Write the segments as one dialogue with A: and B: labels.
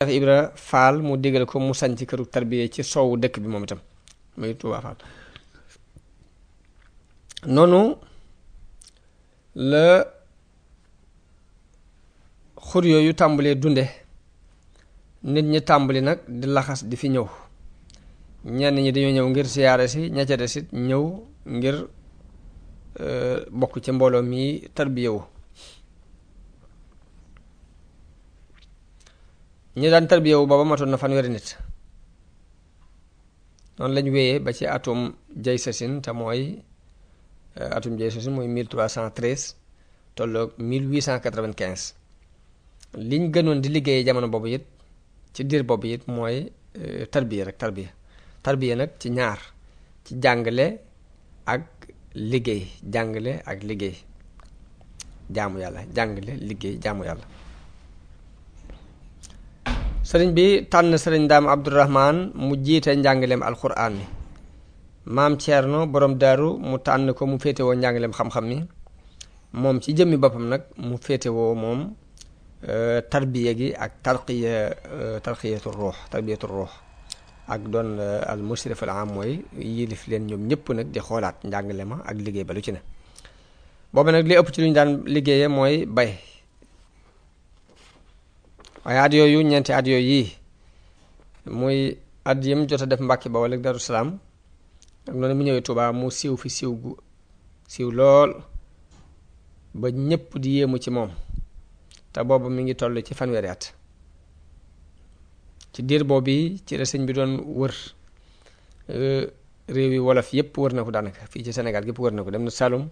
A: dafa Ibra Faal mu digal ko mu sanc këru tarbiya ci soowu dëkk bi moom itam muy Tuubaa Faal noonu la xur yooyu tàmbalee dunde nit ñi tàmbali nag di laxas di fi ñëw ñenn ñi dañoo ñëw ngir siyaare si ña ñëw ngir euh, bokk ci mbooloo mi tarbiyewu ñi daan tarbiya wu booba matoon na fanweeri nit noonu lañ wéyee ba ci atum jay sasin te mooy euh, atum jay sasin mooy cent tolloog 1895 liñ gënoon di liggéeyee jamono boobu it ci diir boobu yit mooy euh, tarbiya rek tarbiya tarbiya nag ci ñaar ci jàngle ak liggéey jàngale ak liggéey jaamu yàlla jàngale liggéey jaamu yàlla sëriñ bi tànn sëriñ daam abdourahman mu jiite njàngaleem alquran mi maam no borom daaru mu tànn ko mu féetewoo njàngaleem xam-xam mi moom ci jëmmi boppam nag mu féetewoo moom euh, tarbiya gi ak tarqiya euh, tarqiyatu ruux tarbiyatu ruux ak doon euh, al mursirif al am mooy yilif leen ñoom ñëpp nag di xoolaat njàngale ma ak liggéey ba lu ci ne boobu nag li ëpp ci lu ñu daan liggéeye mooy bay waaye at yooyu ñeenti at yooyu yii muy at yim jot a def Mbàkke Bawol ak Daru Salaam ak noonu mu ñëwee tubaab mu siiw fi siiw gu siiw lool ba ñépp di yéemu ci moom te boobu mi ngi toll ci fanweeri at ci diir boobu ci la sëñ bi doon wër réew yi wolof yépp wër na ko daanaka fii ci senegal gépp wër na ko dem na Saloum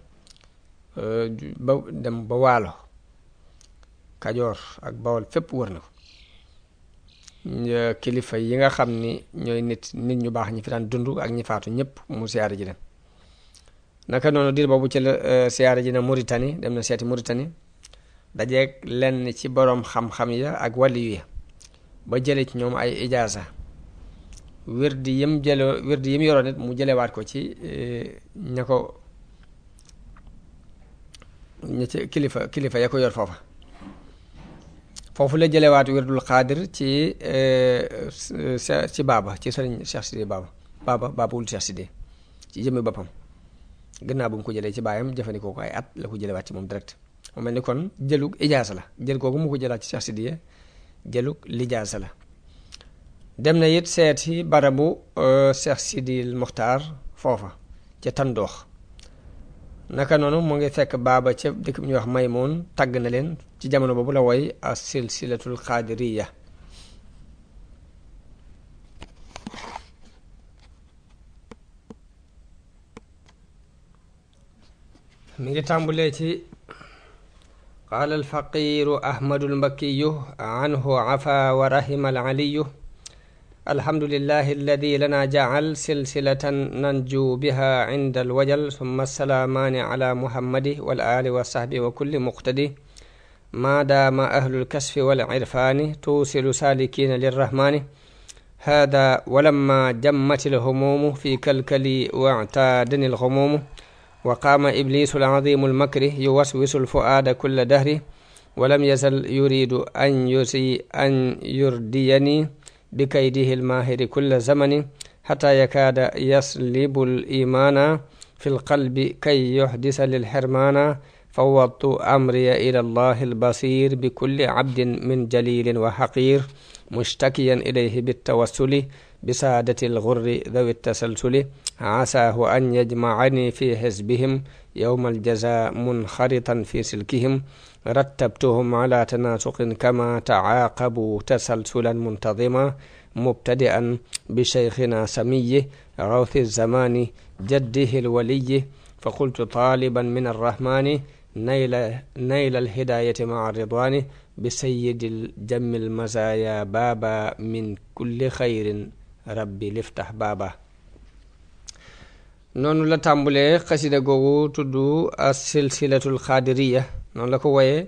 A: euh, ba dem ba Waalo kajoor ak bawol fépp wër na ko kilifa yi nga xam ni ñooy nit nit ñu baax ñi fi daan dund ak ñi faatu ñëpp mu siyaare ji leen naka noonu diir boobu ci la euh, siyaare ji na Mauritanie dem na seeti Mauritanie dajeeg lenn ci boroom xam-xam ya ak wàlliyu ya ba jële ci ñoom ay ijaasa wirdi yim jëloo wirdi yim yoroon nit mu jëlewaat ko ci euh, ña ko ci kilifa kilifa ya ko yor foofa foofu la jëlewaat wirdul xaadir ci euh, si baaba ci sëriñ Cheikh Sidé baaba baaba baabawul Cheikh Sidé ci jëmmi boppam gannaaw bu mu ko jëlee ci baayam jëfandikoo ko ay at la ko jëlewaat ci moom direct mu mel ni kon jëlug ijaasa la jël kooku mu ko jëlaat ci di Sidé jëlug lijaasa la dem na it seeti barabu euh, Cheikh Sidil Muxtaar foofa ca Tandoox naka noonu mu ngi fekk baaba ca dëkk bi ñuy wax Maymoun tàgg na leen ci jamono boobu la woy as silsilatul qaadiriya mu ngi tàmbulee ci qaala alfaqiru ahmadul mbakiyu anhu afa wa rahima al aliyu الحمد لله الذي لنا جعل سلسلة ننجو بها عند الوجل ثم السلامان على محمد والآل وصحبه وكل مقتدي ما دام أهل الكشف والعرفان توصل سالكين للرحمن هذا ولما جمت الهموم في كلكلي واعتادني الغموم وقام إبليس العظيم المكر يوسوس الفؤاد كل دهر ولم يزل يريد أن يسي أن يرديني بكيده الماهر كل زمن حتى يكاد يسلب الإيمان في القلب كي يحدث للحرمان فوضت أمري إلى الله البصير بكل عبد من جليل وحقير مشتكيا إليه بالتوسل بسادة الغر ذوي التسلسل عساه أن يجمعني في حزبهم يوم الجزاء منخرطا في سلكهم رتبتهم على تناسق كما تعاقبوا تسلسلا منتظما مبتدئا بشيخنا سميه روث الزمان جده الولي فقلت طالبا من الرحمن نيل, نيل الهداية مع الرضوان بسيد الجم المزايا بابا من كل خير ربي لفتح بابا noonu la tàmbulee xasida googu tudd as-silsilatul xaadiriya noonu la ko woyee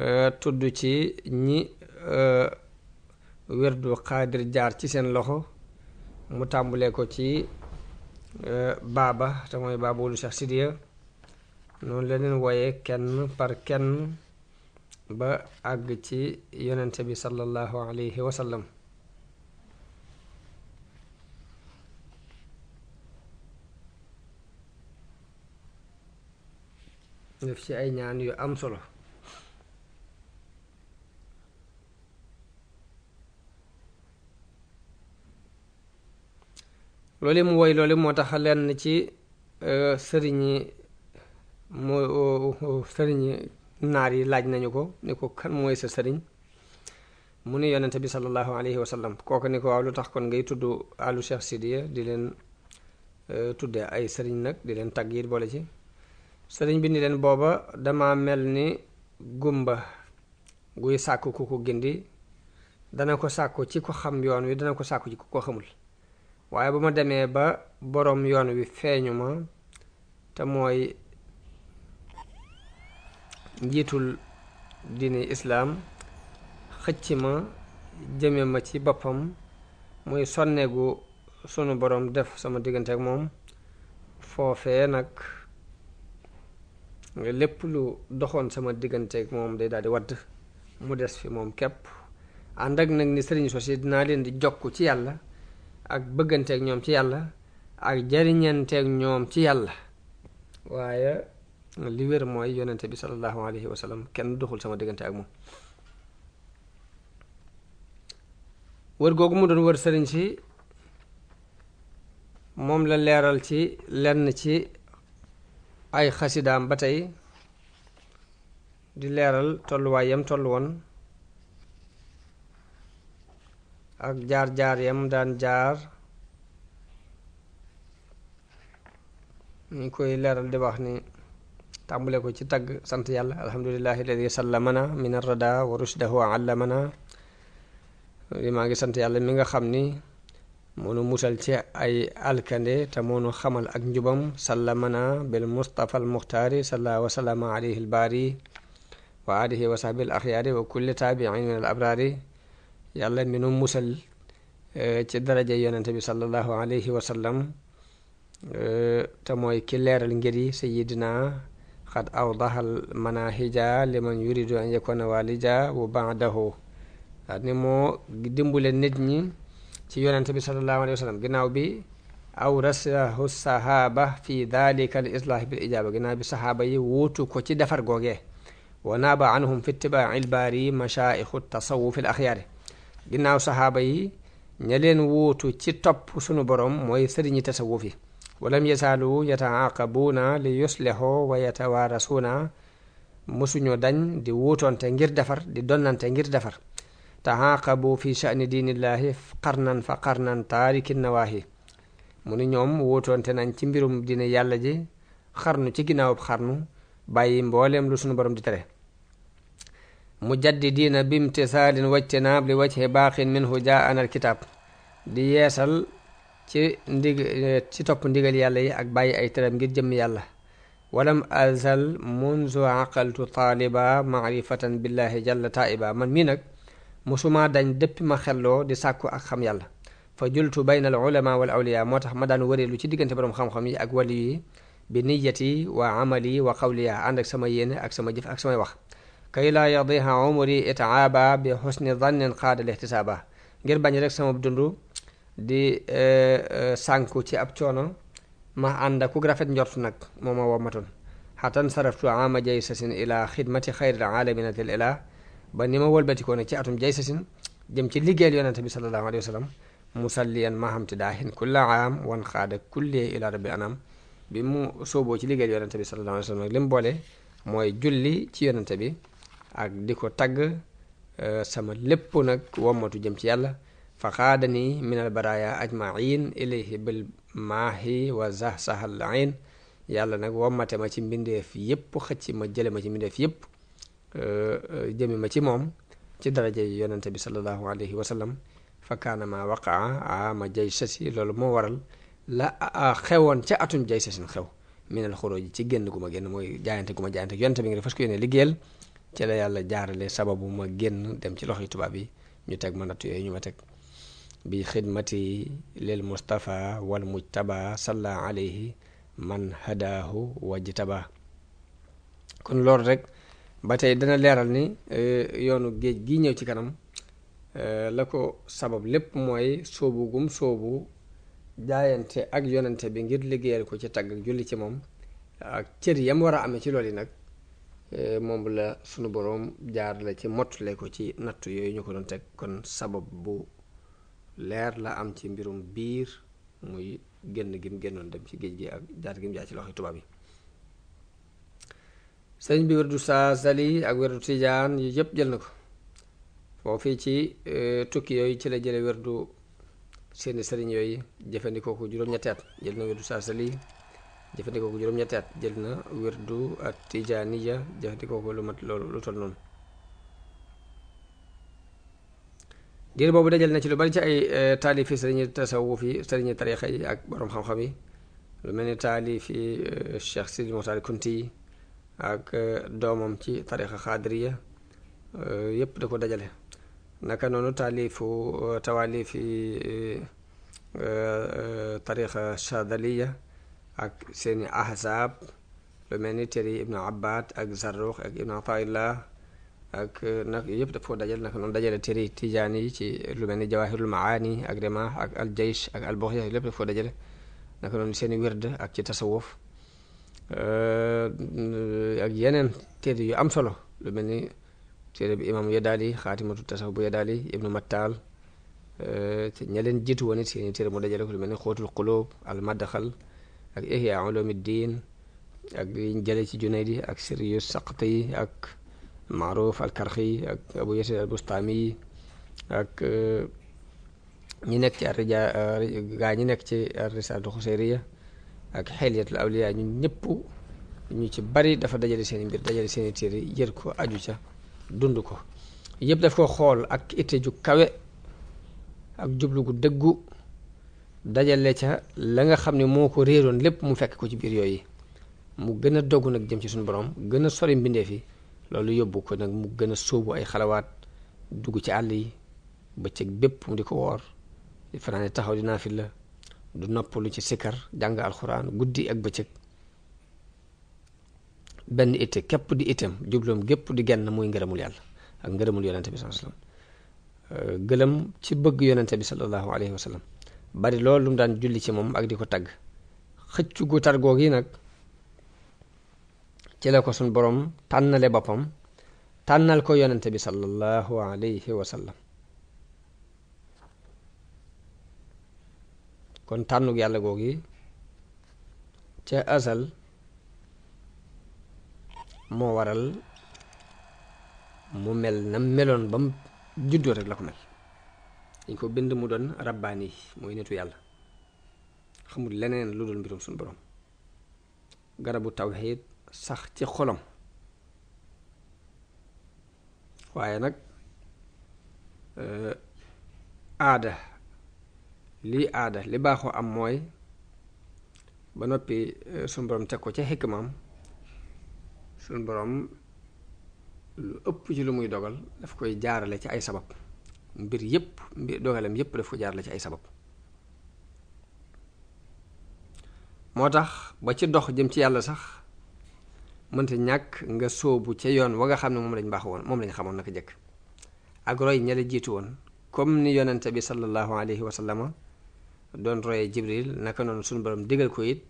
A: euh, tudd ci ñi euh, werdu xaadir jaar ci seen loxo mu tàmbulee ko ci euh, baaba te mooy baabulu Cheikh Sidiya noonu la leen woyee kenn par kenn ba àgg ci yonente bi sallallahu alayhi wa def ci ay ñaan yu am solo loolu mu woy loolu moo tax lenn ci sëriñi moo sëriñi naar yi laaj nañu ko ni ko kan mooy sa sëriñ mu ni yonente bi sallallahu alayhi wa sallam kooku ni ko waaw lu tax kon ngay tudd àllu Cheikh Sidiya di leen euh, tuddee ay sëriñ nag di leen tagg it boole ci sëriñ bi ni leen booba dama mel ni gumba guy sàkku ku ko gindi dana ko sàkku ci ko xam wi dana ko sàkku ci ku ko xamul waaye ba ma demee ba boroom yoon wi feeñu ma te mooy njiitul diine islaam xëcc ma jëme ma ci boppam muy sonne gu sunu boroom def sama diggante ak moom foofe nag lépp lu doxoon sama digganteeg moom day daal di wadd mu des fi moom képp ànd ak nag ni sëriñ sosi dinaa leen di jokk ci yàlla ak bëgganteeg ñoom ci yàlla ak jariñanteeg ñoom ci yàlla waaye li wér mooy yonente bi sallallahu alayhi wa kenn doxul sama diggante ak moom wër googu mu doon wër sëriñ si moom la leeral ci lenn ci ay xasidaam ba tey di leeral tolluwaay yam toll ak jaar-jaar yam daan jaar mu ngi koy leeral di wax ni tàmbale ko ci tagg sant yàlla alhamdulillahi alladi sallamana min arrada wa rushdahu allamana li maa ngi sant yàlla mi nga xam ni munu musal ci ay alkande te munu xamal ak njubam sallamana bil mustapha al muxtaari salla wa alayhi al baari wa alihi wa sahbi al min abraari yàlla mi musal e, ci daraja yonente bi sallallahu alayhi wa sallam e, mooy ki leeral ngir yi sayidina xad awdahal manahija liman yuridu an yakuna walija wa baadahu ni moo dimbule nit ñi ci yonente bi sallallahu alayhi wa sallam ginnaaw bi awrasahu sahaaba fi dalika al islaahi bil ijaaba ginnaaw bi sahaaba yi wuutu ko ci defar googee wa naaba anhum fi itibaaci lbaari mashaayixu tasawufi l axyaari sahaaba yi ña leen wuutu ci topp sunu borom mooy sëriñi tasawuf yi walam yasaalu yataaqabuuna li yuslihoo wa yatawaarasuuna mosuñu dañ di wuutoonte ngir defar di donnante ngir defar taaqabu fi sha'ni diinillahi qarnan fa qarnan taariki nawaahi mu ni ñoom wóotoonte nañ ci mbirum dina yàlla ji xarnu ci ginnaawub xarnu bàyyi mbooleem lu sunu borom di tere mujaddidiina bimtisaalin wajtinaab li wajhi baaqin minhu jaa anal kitaab di yeesal ci ndig ci topp ndigal yàlla yi ak bàyyi ay teram ngir jëmm yàlla walam azal munzu aqaltu taaliba maarifatan billahi jalla taiba man mii nag musuma dañ dëppi ma xelloo di sàkku ak xam yàlla fa jultu bayna al ulama wal awliya moo tax ma daan wëreelu ci diggante borom xam-xam yi ak wali bi niyati wa amali wa xawliya ànd ak sama yéene ak sama jëf ak samay wax kay laa yadiha umri itaaba bi xusni dannin xaadal ixtisaaba ngir bañ rek sama dund di e, e, sànku ci ab coono ma ànd ak ku rafet njort nag moo ma womatoon xatan saraftu ama jay sasin ila xidmati xayril alamina ila ba ni ma wëlbatikoo nag ci atum jay sasin jëm ci liggéeyal yonente bi sallallahu alayhi wa sallam musalliyan mahamti daahin kulla aam wan xaada kulli ila rabbi anam bi mu sooboo ci liggéeyal yonente bi sallallahu alayhi wa sallam nag li boole mooy julli ci yonente bi ak di ko tagg euh, sama lépp nag wommatu jëm ci yàlla fa xaadani min al baraya ajmain ilayhi bil maahi wa zah sahal ain yàlla nag wommate ma ci mbindeef yépp xëcc ma jële ma ci mbindeef yépp Euh, euh, jëme ma ci moom ci daraja yi bi sallallahu alayhi wa sallam fa kaana ma waqaa ama jay sasi loolu moo waral la xewoon ca atum jay sasin xew minal xuroo ji ci génn gu ma génn mooy jaayante gu ma jaayante yonente bi nga fas ko yéene liggéeyal ci la yàlla jaarale sababu ma génn dem ci loxo yi tubaab yi ñu teg ma natt yooyu ñu ma teg bi xidmati lil mustafa wal mujtaba salla alayhi man hadahu wajtaba kon loolu rek ba tey dana leeral ni euh, yoonu géej gi ñëw ci kanam euh, la ko sabab lépp mooy soobu gum soobu jaayante ak yonante bi ngir liggéeyal ko ci tagg julli ci moom ak cër yam war a amee ci lool yi nag euh, moom la sunu boroom jaar la ci mottule ko ci nattu yooyu ñu ko doon teg kon sabab bu leer la am ci mbirum biir muy génn gim génnoon dem ci géej gi ak jaar gim jaar ci loxoy tubaab yi sëñ bi werdu saasali ak werdu tijaan yi yëpp jël na ko foofii ci e, tukki yooyu ci la jële werdu seeni sëriñ yooyu jëfandikoo ko juróom-ñetti at jël na werdu saasali jëfandikoo ko jël na werdu ak tijaaniya jëfandikoo ko lu mat loolu lu toll noonu diir boobu dajal na ci lu bari ci ay e, taalifi sëriñi tasawuf yi sëriñi tarixa yi ak borom xam-xam yi lu mel ni taalifi e, Cheikh Sidi Moxtaar Kunti yi ak eh, doomam ci tarixa xaadiriya eh, yépp da ko dajale naka noonu taalifu eh, tawaalifi tarixa chadaliya ak seeni ahzaab lu mel ni téere ibnu abbad ak zarruq ak ibnu ataillah ak nag yëpp daf ko dajal naka noonu dajale téere tijaan yi ci lu mel ni jawahirul maani ak remah ak al jaysh ak al bughya lépp daf ko dajale naka noonu seeni wird ak ci tasawuf ak yeneen téere yu am solo lu mel ni téere bi imam Yadaali xaatimatu tasaw bu Yadaali ibnu Mattaal ña ñaleen jiitu woon it seeni téere mu dajale ko lu mel ni xóotul xulóob al maddaxal ak ihya ulumi diin ak yiñ jële ci Junaydi ak siriyu saqti ak maaruf al karxi ak abu yasir al bustaami ak ñi nekk ci ar gaa ñi nekk ci ar risaatu xuseyriya ak la awliya ñun ñëpp ñu ci bari dafa dajale seen mbir dajale seen téere jër ko aju ca dund ko yëpp daf ko xool ak itte ju kawe ak jublu gu dëggu dajale ca la nga xam ne moo ko réeroon lépp mu fekk ko ci biir yooyu mu gën a dogg nag jëm ci suñu borom gën a sori mbindeef yi loolu yóbbu ko nag mu gën a sóobu ay xalawaat dugg ci àll yi bëccëg bépp mu di ko woor di fanaane taxaw di naafil la du nopp lu ci sikkar jàng alxuraan guddi ak bëccëg benn itte képp di itam jubloom gépp di genn muy ngërëmul yàlla ak ngërëmul yonente bi sallallahu alayhi wasallam gëlëm ci bëgg yonente bi sallallahu alayhi loolu lu mu daan julli ci moom ak di ko tagg xëccu gu tar googu yi nag ci la ko suñ boroom tànnale boppam tànnal ko yonente bi sallallahu alayhi wasallam kon tànnug yàlla googi ca asal moo waral mu mel na meloon bam mu juddoo rek la ko mel dañ ko bind mu doon rabbaani yi mooy nitu yàlla xamul leneen lu dul mbirum suñ boroom garabu tawxiid sax ci xolom waaye nag euh, aada lii aada li baaxoo am mooy ba noppi eh, suñu borom teg ko ca xikmaam suñu boroom lu ëpp ci lu muy dogal daf koy jaarale ci ay sabab mbir yépp mbir dogalam yépp daf ko jaarale ci ay sabab moo tax ba ci dox jëm ci yàlla sax mënta ñàkk nga sóobu ca yoon wa nga xam ne moom lañ baax woon moom lañ xamoon naka jëkk ak roy ña jiitu woon comme ni yonente bi sallallahu alayhi wa sallama doon royee jibril naka noonu suñu borom digal ko it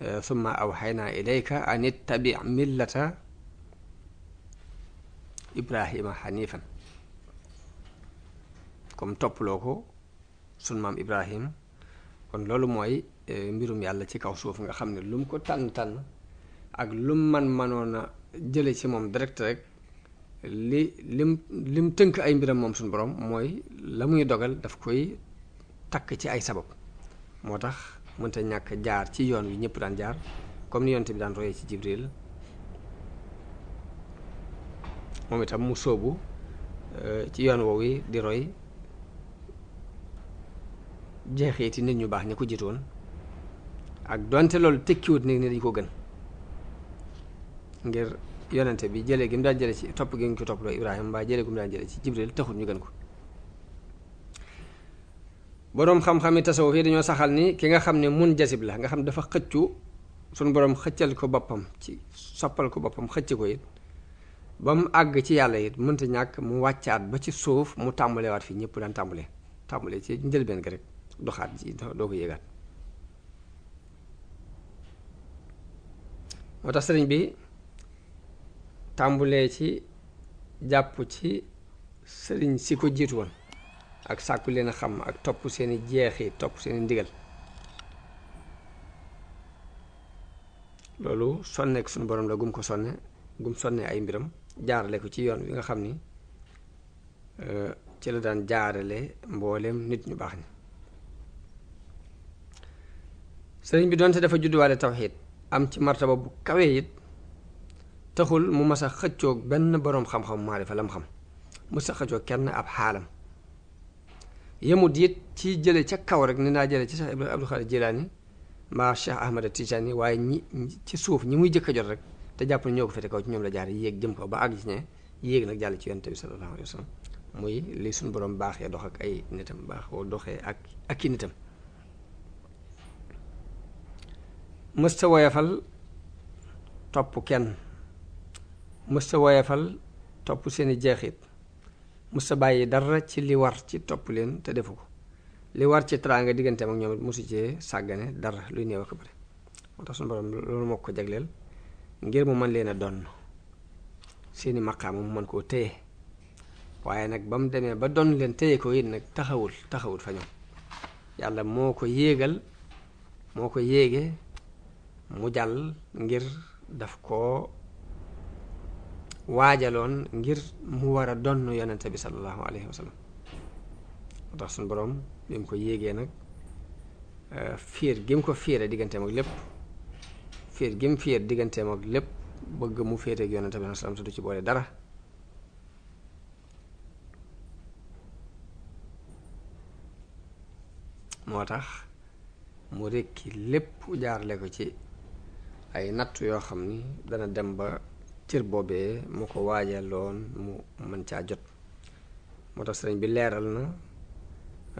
A: eh, summa aw xaynaa ilayka an ittabi millata ibrahima xanifan comme topploo ko sunu maam ibrahim kon loolu mooy eh, mbirum yàlla ci kaw suuf nga xam ne lu mu ko tànn-tànn ak lum man manoon a jële ci moom direct rek li lim lim tënk ay mbiram moom suñu boroom mooy la muy dogal daf koy takk ci ay sabab moo tax mënta ñàkk jaar ci yoon wi ñëpp daan jaar comme ni yonte bi daan royee ci Jibril moom itam mu sóobu euh, ci yoon woowu di roy jeexeeti nit ñu baax ñu ko jiitoon ak donte loolu tekkiwut nit ñi dañu ko gën ngir yonente bi jëlee gi mu daan jëlee ci topp gi ñu ko topp loo Ibrahima mbaa jëlee gi mu daan jëlee ci Jibril taxut ñu gën ko boroom xam-xami tasawuf yi dañoo saxal ni ki nga xam ne mun jasib la nga xam dafa xëccu suñ boroom xëccal ko boppam ci soppal ko boppam xëcc ko it ba mu àgg ci yàlla it mënta ñàkk mu wàccaat ba ci suuf mu tàmbalewaat fii ñëpp daan tàmbalee tàmbalee ci njëlbeen ga rek doxaat ji doo ko yéegaat moo tax sëriñ bi tàmbule ci jàpp ci sëriñ si ko jiitu woon ak sàkku leen xam ak topp seeni jeexi topp seeni ndigal loolu sonneek suñu borom la gum ko sonne gum sonne ay mbiram jaarale ko ci yoon wi nga xam ni ci la daan jaarale mbooleem nit ñu baax ni sëriñ bi doonte dafa judduwaale tawxiid am ci martaba bu kawe it taxul mu mas a benn boroom xam-xam maarifa lam xam mu sa kenn ab xaalam yemut it ci jële ca kaw rek ni naa jële ci Cheikh Ibrahima Abdou Khadir Jilaani maa Cheikh Ahmad Tijaani waaye ñi ci suuf ñi muy jëkk a jot rek te jàpp ne ko fete kaw ci ñoom la jaar yéeg jëm ko ba àgg ci ne yéeg nag jàll ci yonent bi sallallahu alayhi wa sallam muy li suñu borom baaxee dox ak ay nitam baaxoo doxee ak ak i nitam mësta woyafal topp kenn mësta woyafal topp seeni jeexit mu sa bàyyi dara ci li war ci topp leen te defu ko li war ci teraanga digganteem ak ñoom it musu sàggane dara luy néew ak bëri moo tax suñu borom loolu moo ko jagleel ngir mu man leen a donn seeni maqaama mu mën koo téye waaye nag ba mu demee ba donn leen téye ko it nag taxawul taxawul fa ñoom yàlla moo ko yéegal moo ko yéege mu jàll ngir daf ko waajaloon ngir mu war a donn yonente bi sallallahu alayhi wa sallam moo tax suñu boroom bi mu ko yéegee nag euh, fiir gi mu ko fiire digganteem ak lépp fiir gi mu fiir digganteem ak lépp bëgg mu féete ak yonente bi sallallahu te du ci boole dara moo tax mu rekki lépp jaarle ko ci ay natt yoo xam ni dana dem ba cër boobee mu ko waajaloon mu mën caa jot moo tax sëriñ bi leeral na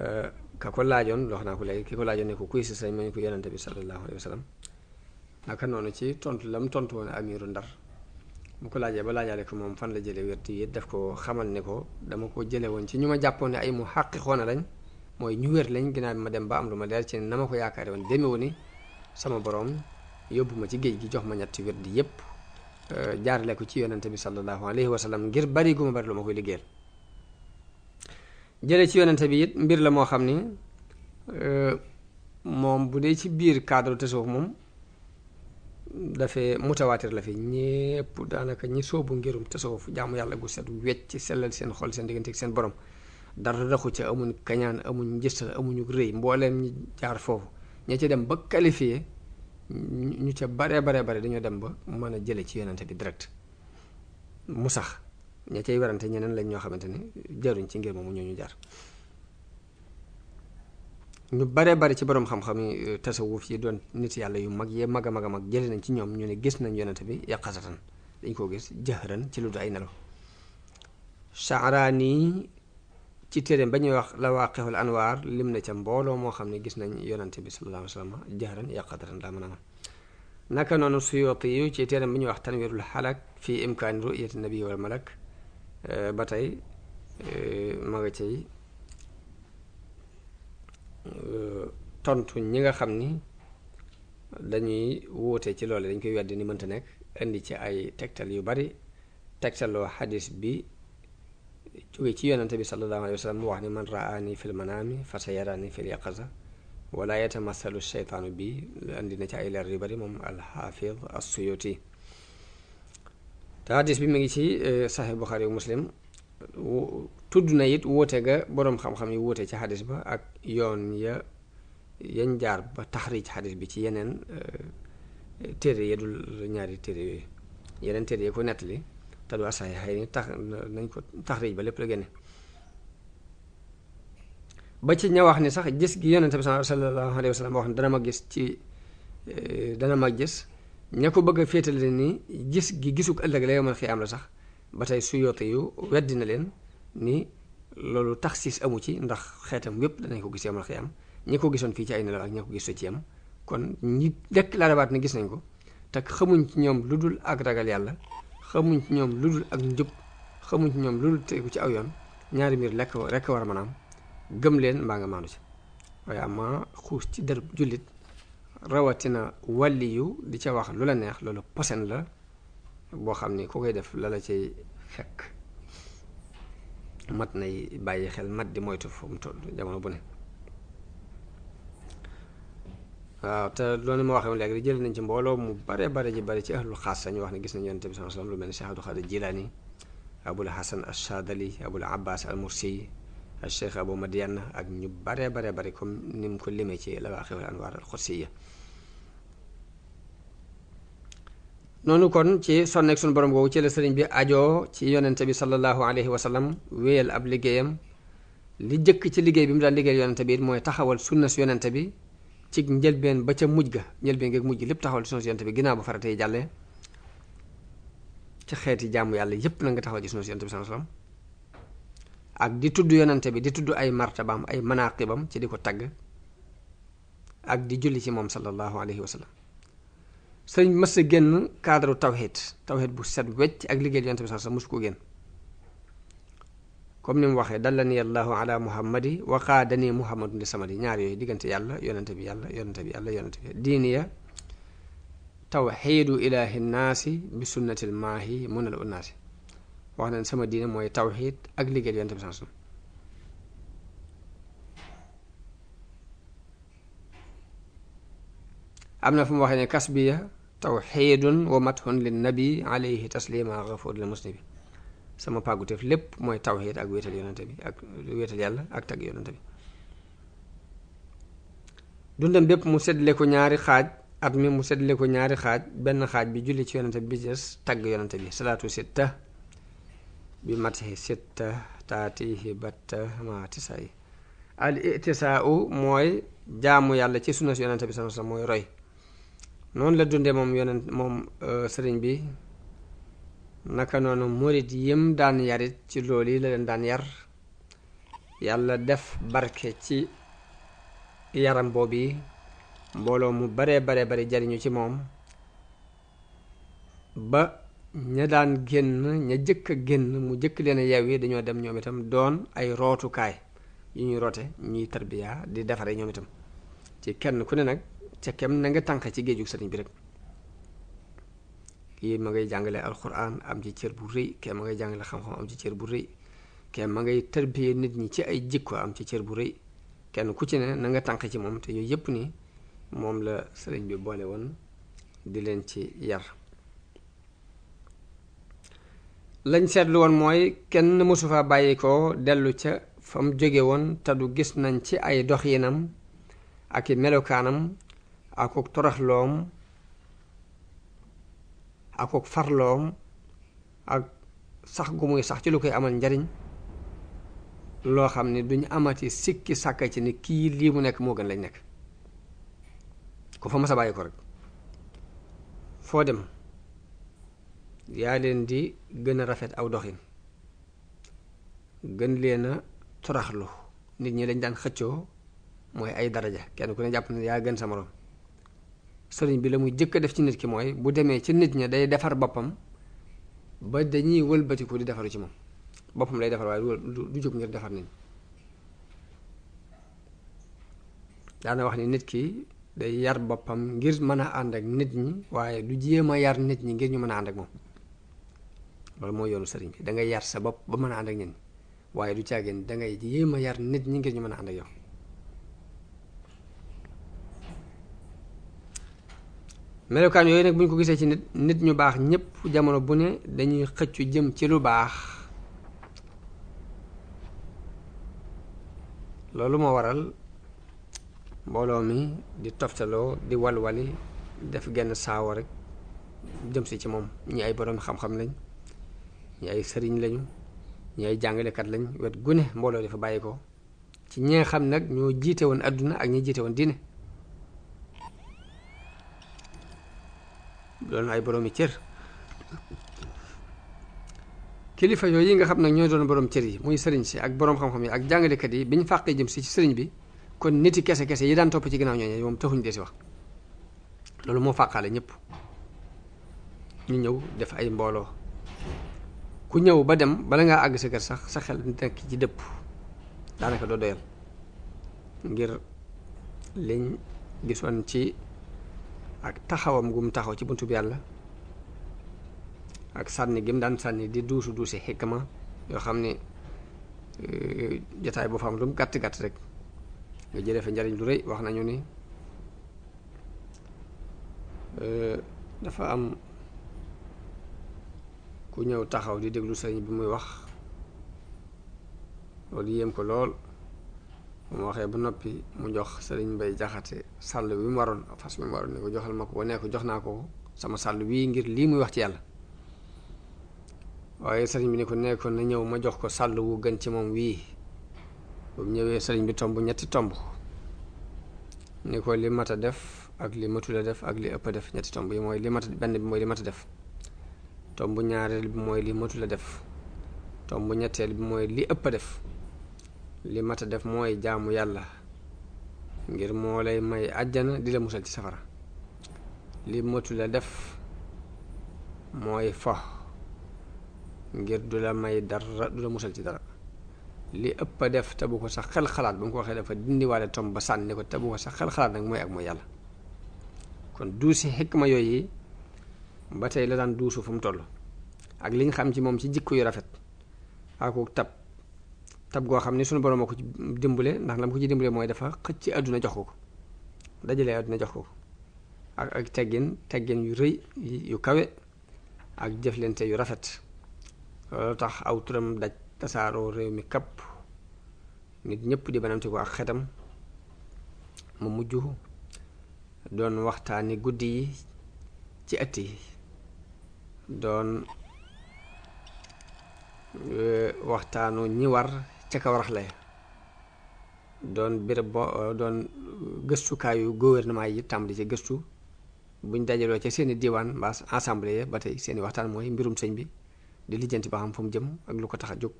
A: euh, ka ko laajoon wax naa ko léegi ki ko laajoon ne ko kuy si sëriñ ma ñu ko yonante bi sallallahu alayhi wa sallam naka noonu ci tontu la mu tontu woon amiru ndar mu ko laajee ba laajaale ko moom fan la jële wérti yi daf ko xamal ne ko dama ko jële woon ci ñu ma jàppoon ne ay mu xàqi xoona lañ mooy ñu wér lañ ginnaaw bi ma dem ba am lu ma leer ci ne na ma ko yaakaare woon demewu ni sama borom yóbbu ma ci géej gi jox ma ñetti wérdi yépp Euh, jaarale ko ci yonente bi sallallahu alayhi wa sallam ngir bari gu ma bari lu ma koy liggéeyal jële ci yonente bi it mbir la moo xam ni euh, moom bu dee ci biir cadre tasawuf moom dafee mutawaatir la fi ñépp daanaka ñi soobu ngirum tasawuf jaamu yàlla gu set wecc sellal seen xol seen diggante ak seen borom dara raxu ca amuñ kañaan amuñ njëstal amuñu rëy mbooleem ñi jaar foofu ña ci dem ba qualifié ñu ca baree baree bare dañoo dem ba mën a jële ci yonante bi direct mu sax ña werante ñeneen lañ ñoo xamante ne jaruñ ci ngir moom ñoo ñu jar ñu baree bari ci borom xam-xam yi euh, tasawuf yi doon nit yàlla yu mag yee mag a mag a mag jële nañ ci ñoom ñu ne gis nañ yonante bi yaqasatan dañ koo gis jëhëran ci lu du ay nelaw Sha'raani ci téeréem ba ñuy wax la waaqixul anwaar lim na ca mbooloo moo xam ne gis nañ yonante bi sallallahu alayhi wa sallam jahran yaqadaran la mën a naka noonu Suyuti yu ci téeréem bi ñuy wax tanwirul xalak fii imkaani ru'yati nabi wal malak eh, ba tey eh, ma nga cay eh, tontu ñi nga xam ni dañuy wuute ci loole dañ koy weddi ni mënta nekk indi ci ay tegtal yu bari tegtaloo xadis bi jóge ci yonente bi sallallahu alayhi wa sallam mu wax ni man raani fil manaami fa sa yaraani fil yaqaza wala yatamasalu seytaanu bi indi na ci ay leer yu bari moom alxaafid assuyuti te hadis bi mu ngi ci eh, saxi buxaari yu muslim tudd na it woote ga boroom xam-xam yi wóote ci xadis ba ak yoon ya yañ jaar ba taxrij xadis bi ci yeneen eh, téere ya dul ñaari téere yooyu yeneen téere ya ko nettali talwaa sax xëy ni tax nañ ko taxrij ba lépp la génne ba ci ña wax ni sax gis gi yonente bi sallallahu alayhi wa sallam wax ne dana ma gis ci eh, dana ma gis ña ko bëgg a féetale ni gis gi gisuk ëllëg la yowmal am la sax ba tey su yoote yu weddi na leen ni loolu tax siis amu ci ndax xeetam yépp danañ ko gis yowmal xiyaam ñi ko gisoon fii ci ay nelaw ak ña ko gis ci kon ñi dekk laa rabaat gis nañ ko te xamuñ ci ñoom lu dul ak ragal yàlla xamuñ ci ñoom ludul ak njub xamuñ ci ñoom ludul tegu ci aw yoon ñaari mbir lekk rekk war a mën am gëm leen mbaa nga maandu ci waaye ama xuus ci dër jullit rawatina wàlli di ca wax lu la neex loolu posen la boo xam ni ku koy def la la cay fekk mat nay bàyyi xel mat di moytu fu mu toll jamono bu ne waaw te loolu ma waxee léegi jël nañ ci mbooloo mu bare bare ji bare ci ahlul xaasa ñu wax ne gis nañ yonent bi sallallahu alayhi wasallam lu mel ne Cheikh Abdul Xaadir Jilaani Abul Hasan Ash-Shaadili Abul Abbas Al-Mursi ak Cheikh Abu bare bare bare comme ko limee ci Lawaaqi'ul Anwaar al-Qudsiyya noonu kon ci sonneeg suñu borom googu ci la bi ajoo ci yonente bi sallallahu alayhi wa sallam wéyal ab liggéeyam li jëkk ci liggéey bi mu daan liggéeyal yonente bi it mooy taxawal sunna si yonente bi ci njëlbeen ba ca muj ga njëlbeen geeg mujj lépp taxawal ci sunu yonent bi ginnaaw ba faratee jàllee ca xeeti jaamu yàlla yépp na nga taxawal ci sunu yonent bi ak di tudd yonante bi di tudd ay martabam ay manaqibam ci di ko tagg ak di julli ci moom sallallahu alayhi wa sëñ mës a génn cadre tawhid tawhid bu set wecc ak liggéey yonante bi sax sax mosu ko génn comme ni mu waxee dallani allahu ala muhammadi wa qaadani muhammadun li samadi ñaar yooyu diggante yàlla yonente bi yàlla yonente bi yàlla yonente diiniya tawxiidu ilaahi naasi bi sunnatil maahi munal unnaasi wax nañ sama diine mooy tawxiid ak liggéey yonente bi sansun am na fu mu wax ne kasbiya tawxiidun wa mathun linnabi alayhi taslima gafuur lil muslimin sama pàgguteef lépp mooy tawxiid ak wéetal yonente bi ak wéetal yàlla ak tagg yonente bi dundam bépp mu seddle ko ñaari xaaj at mi mu seddle ko ñaari xaaj benn xaaj bi julli ci yonente bi des tagg yonente bi salaatu matihi sitta taatihi batta ma tisa yi al mooy jaamu yàlla ci sunna si bi sama sa mooy roy noonu la dunde moom yonent moom euh, sëriñ bi naka noonu murit yim daan yarit ci loolu yi la leen daan yar yàlla def barke ci yaram boobu yi mbooloo mu bare bare bare jariñu ci moom ba ña daan génn ña jëkk a génn mu jëkk leen yeew yi dañoo dem ñoom itam doon ay rootukaay yu ñuy roote ñuy tarbiya di defare ñoom itam ci kenn ku ne nag ca kem na nga tànq ci géeju sëriñ bi rek kii ma ngay jàngale alquran am ci cër bu rëy kee ma ngay jàngale xam-xam am ci cër bu rëy kenn ma ngay tarbiyee nit ñi ci ay jikko am ci cër bu rëy kenn ku ci ne na nga tànq ci moom te yooyu yëpp ni moom la sëriñ bi boole woon di leen ci yar lañ seetlu woon mooy kenn mosu fa bàyyi ko dellu ca fam jóge woon te du gis nañ ci ay doxinam ak i melokaanam ak toroxloom ak ak farloom ak sax gu muy sax ci lu koy amal njariñ loo xam ne duñu amati sikki sàkka ci ni kii lii mu nekk moo gën lañ nekk ku fa mas a bàyyi ko rek foo dem yaa leen di gën a rafet aw doxin gën leen a toraxlu nit ñi lañ daan xëccoo mooy ay daraja kenn ku ne jàpp ne yaa gën sa moroom sëriñ bi la muy jëkk a def ci nit ki mooy bu demee ci nit ña day defar boppam ba dañuy wëlbatiku di defaru ci moom boppam lay defar waaye du jóg ngir defar nit daana wax ni nit ki day yar boppam ngir mën a ànd ak nit ñi waaye du jéem a yar nit ñi ngir ñu mën a ànd moom loolu mooy yoonu sëriñ bi da ngay yar sa bopp ba mën a ànd ak nit ñi waaye da ngay jéem a yar nit ñi ngir ñu mën a ànd ak yow melokaan yooyu nag bu ñu ko gisee ci nit nit ñu baax ñëpp jamono bu ne dañuy xëccu jëm ci lu baax loolu moo waral mbooloo mi di toftaloo di walwali def genn saawo rek jëm si ci moom ñi ay borom xam-xam lañ ñi ay sëriñ lañu ñi ay jàngalekat lañ wet gune mbooloo dafa bàyyi ko ci ñi nga xam nag ñoo jiite woon àdduna ak ñi jiite woon diine doon ay boroomi cër kilifa yooyu yi nga xam nag ñooy doon borom cër yi muy sëriñ ak borom xam yi ak jàngalekat yi bi ñu fàqee jëm si ci sëriñ bi kon niti kese kese yi daan topp ci ginnaaw ñooñu moom taxuñ dee si wax loolu moo fàqaale ñëpp ñu ñëw def ay mbooloo ku ñëw ba dem bala ngaa àgg sa sax sa xel nekk ci dëpp daanaka doo ngir liñ gisoon ci ak taxawam gum taxaw ci bi yàlla ak sànni gim daan sànni di duusu duusi xikma yoo xam ne eh, jataay boo fa am lu mu gàtt gàtt rek nga jëlee fa njariñ lu rëy wax nañu ni eh, dafa am ku ñëw taxaw di déglu sëriñ bi muy wax loolu yéem ko lool mu waxee ba noppi mu jox Serigne bay jaxate sàll bi mu waroon fas bi mu waroon ne ko joxal ma ko ba ne jox naa ko sama sàll wii ngir lii muy wax ci yàlla waaye Serigne bi ne ko ne na ñëw ma jox ko sàll wu gën ci moom wii bu ñëwee sëriñ bi tomb ñetti tomb ni li mat a def ak li matula def ak li ëpp def ñetti tomb yi mooy li mat benn bi mooy li mata a def tomb ñaareel bi mooy li matula def tomb ñetteel bi mooy li ëpp a def li mat a def mooy jaamu yàlla ngir moo lay may àjjana di la musal ci safara li matu la def mooy fo ngir du la may dara du la musal ci dara li ëpp a def te ko sax xel xalaat ba mu ko waxee dafa dindiwaale tom ba sànni ko te ko sax xel xalaat nag mooy ak mooy yàlla kon duusi xikma yooyu ba tey la daan duusu fu mu toll ak li nga xam ci moom ci jikko yu rafet ak tab tab goo xam ne suñu borom moo ko ci dimbale ndax la mu ko ci dimbale mooy dafa xëcc ci àdduna jox ko ko dajalee àdduna jox ko ko ak ak teggin yu rëy yu kawe ak jëflante yu rafet loolu tax aw turam daj tasaaroo réew mi kapp nit ñëpp di banamti ko ak xetam mu mujj doon waxtaani guddi yi ci ëtt yi doon eh, waxtaanu ñi war ca kaw raxle doon béréb bo uh, doon gëstukaayu gouvernement yi tàmbali ci gëstu buñ dajaloo ca seeni diwaan mbaa assemblée ba tey seeni waxtaan mooy mbirum sëñ bi di lijjanti ba xam fu mu jëm ak lu ko tax a jóg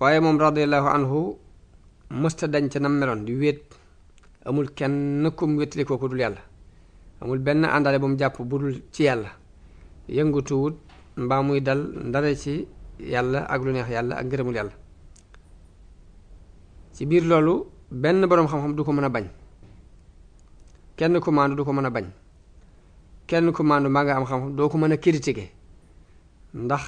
A: waaye moom radiallahu anhu mësta dañ ca nam meloon di wéet amul kenn kum wéttali ko ku dul yàlla amul benn àndale bu mu jàpp bu dul ci yàlla yëngutuwut mbaa muy dal ndare ci yàlla ak lu neex yàlla ak ngërëmul yàlla ci biir loolu benn boroom xam-xam du ko mën a bañ kenn ku maandu du ko mën a bañ kenn ku maandu maa nga am xam-xam doo ko mën a critiquer ndax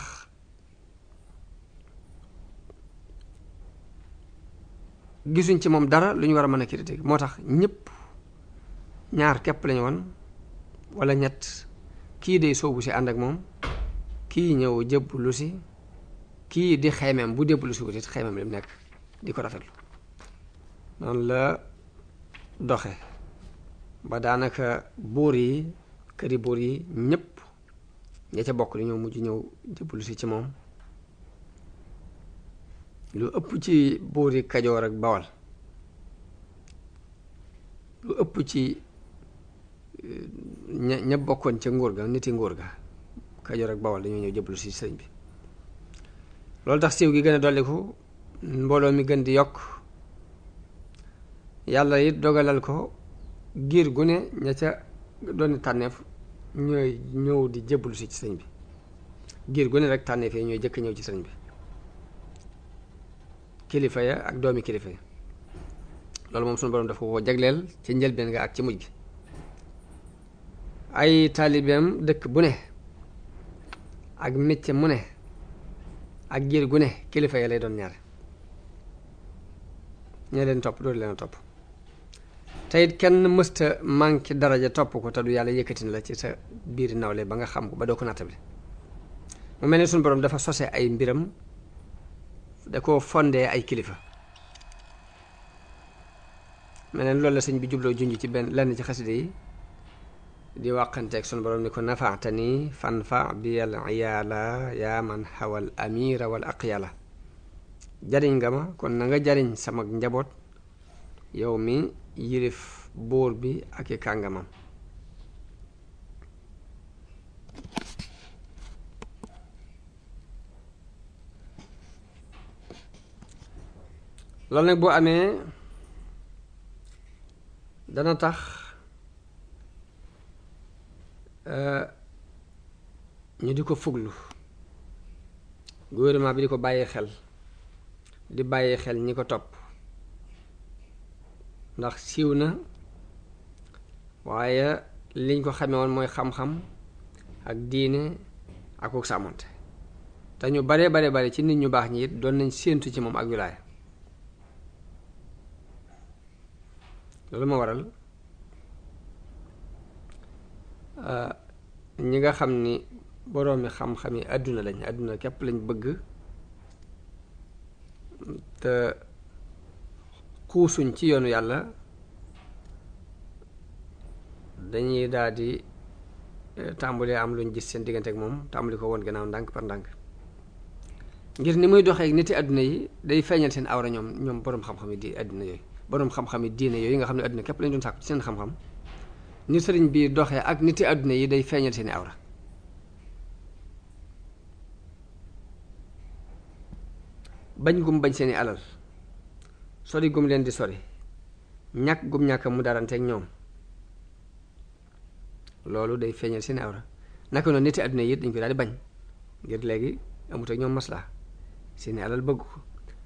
A: gisuñ ci moom dara lu ñu war a mën a critiquer moo tax ñépp ñaar képp lañu woon wala ñett kii day soobu si ànd ak moom kii ñëw jëbb lu si kii di xaymaam bu dépp lu suba it xaymaam li mu nekk di ko rafetlu noonu la doxe ba daanaka buur yi këri buur yi ñëpp ña ca bokk dañoo mujj ñëw jébbalu si ci moom lu ëpp ci buur yi kajoor ak bawal lu ëpp ci eh, ña ñëpp bokkoon ca nguur ga niti nguur ga kajoor ak bawal dañoo ñëw jébbalu si sëriñ bi loolu tax siiw gi gën a dolliku mbooloo mi gën di yokk yàlla it dogalal ko giir gu ña ca doon tànneef ñooy ñëw di jébbalu si ci sëñ bi giir gu ne rek tànneef yi ñooy jëkk ñëw ci sëñ bi kilifa ya ak doomi kilifa ya loolu moom suñu borom dafa ko jagleel ci njëlbeen nga ak ci mujj gi ay taalibeem dëkk bu ne ak métier mu ne ak giir gu ne kilifa ya lay doon ñaar ña leen topp dootu leen a topp teyit kenn mësta manqué daraja topp ko te du yàlla yëkkati la ci sa biir nawle ba nga xam ko ba doo ko nattable mu mel ni suñu borom dafa sose ay mbiram da koo fondee ay kilifa meneen loolu la sëñ bi jubloo junj ci benn lenn ci xaside yi di waqanteeg sunu borom ni ko nafaxta ni fanfa biyal iyaala yaa man xawal amira wal aqyala jariñ nga ma kon na jariñ sama njaboot yow mi yirif buur bi ak i kàngamam loolu nag boo amee dana tax Eh, ñu di ko fuglu gouvernement bi di ko bàyyi xel di bàyyi xel ñi ko topp ndax siiw na waaye liñ ko xamee woon mooy xam-xam ak diine ak ko sàmmonte te ñu bare bare bare ci nit ñu baax ñi doon nañ séentu ci moom ak wilaaya loolu ma waral Euh, ñi nga xam ni boroomi xam-xam yi àdduna lañ àdduna képp lañ bëgg te xuusuñ ci yoonu yàlla dañuy daal di eh, tàmbulee am luñ gis seen diggante ak moom tàmbuli ko woon gannaaw ndànk par ndànk ngir ni muy doxee niti àdduna yi day feeñal seen awra ñoom ñoom boroom xam-xam yi di àdduna yooyu boroom xam-xam yi diine yooyu nga xam ne àdduna képp lañ doon sàkku ci seen xam-xam ni sëriñ bi doxee ak niti àdduna yi day feeñal seeni awra bañ gum bañ seeni alal sori gum leen di sori ñàkk gum ñàkk mu daranteeg ñoom loolu day feeñal seeni awra naka noonu niti àdduna yi dañ ko daal di bañ ngir léegi amut ak ñoom maslaa seeni alal bëgg ko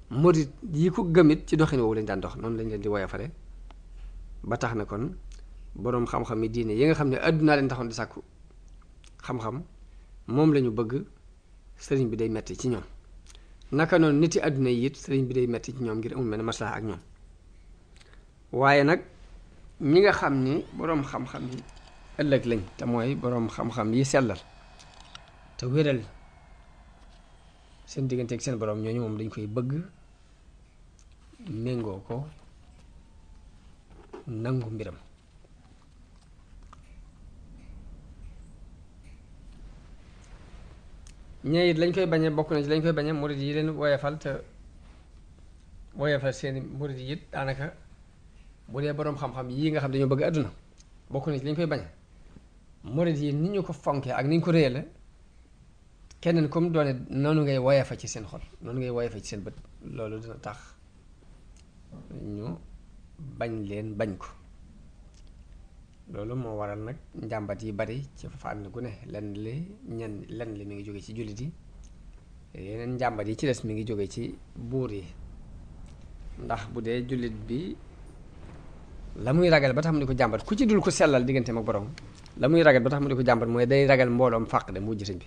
A: murit yi ko gëmit ci doxin woowu lañ daan dox noonu lañ leen di woyafale ba tax na kon boroom xam-xam yi diine yi nga xam ne àdduna leen taxoon di sàkku xam-xam moom lañu bëgg sëriñ bi day metti ci ñoom naka noonu nit yi àdduna yi it sëriñ bi day metti ci ñoom ngir amul benn maslaa ak ñoom waaye nag ñi nga xam ni boroom xam-xam yi ëllëg lañ te mooy boroom xam-xam yi sellal te wéral seen diggante ak seen boroom ñoo ñu moom dañ koy bëgg méngoo ko nangu mbiram ñee it lañ koy bañee bokk na ci lañ koy bañee murid yi leen woyefal te woyefal seeni murid yit daanaka bu dee boroom xam-xam yii nga xam dañoo bëgg àdduna bokk na ci lañ koy bañee murid yi ni ñu ko fonkee ak ni ñu ko réyale keneen comme doone noonu ngay woyefa ci seen xol noonu ngay woyefa ci seen bët loolu dina tax ñu bañ leen bañ ko loolu moo waral nag njàmbat yi bari ci fànn gu ne lenn li ñenn lan li mi ngi jóge ci jullit yi yeneen njàmbat yi ci des mi ngi jóge ci buur yi ndax bu dee jullit bi la muy ragal ba tax mu di ko jàmbat ku ci dul ko sellal diggante mag borom la muy ragal ba tax mu di ko jàmbat mooy day ragal mbooloom fàq de mujj sëñ bi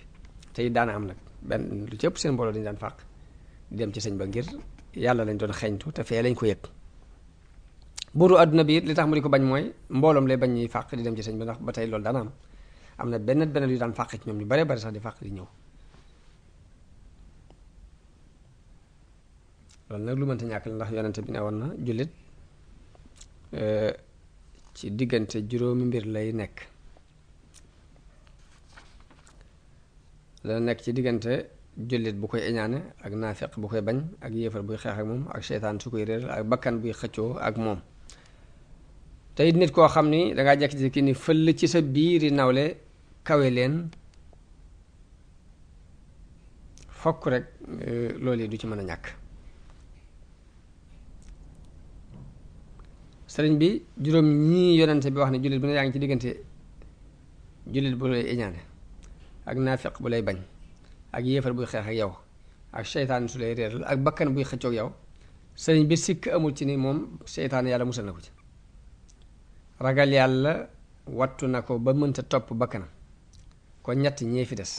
A: tey daana am nag benn lu ci ëpp seen mbooloo dañ daan fàq di dem ci sëñ ba ngir yàlla lañ doon xeeñtu te fee lañ ko yëg buuru àdduna bi li tax mu di ko bañ mooy mbooloom lay bañ ñuy fàq di dem ci sëñ bi ndax ba tey loolu dana am na benn benn yu daan fàq ci ñoom ñu bare bare sax di fàq di ñëw loolu nag lu mënta ñàkk la ndax yonente bi ne woon na jullit euh, ci diggante juróomi mbir lay nekk dana nekk ci diggante jullit bu koy iñaane ak naafiq bu koy bañ ak yéefar buy xeex ak moom ak seytaan su koy réer ak bakkan buy xëccoo ak moom tey it nit koo xam ni dangaa jekki-jekki ni fëll ci sa biir biiri nawle kawe leen fokk rek euh, loolee du ci mën a ñàkk sëriñ bi juróom ñii yonente bi wax ne jullit bu ne yaa ngi ci diggante jullit bu lay iñaane ak naafiq bu lay bañ ak yéefar buy xeex ak yow ak seytaan su lay réeral ak bakkan buy xëccoog yow sëriñ bi sikk amul ci ni moom seytaan yàlla musal na ko ci ragal yàlla wattu na ko ba mënta topp bakkanam kon ñett ñee fi des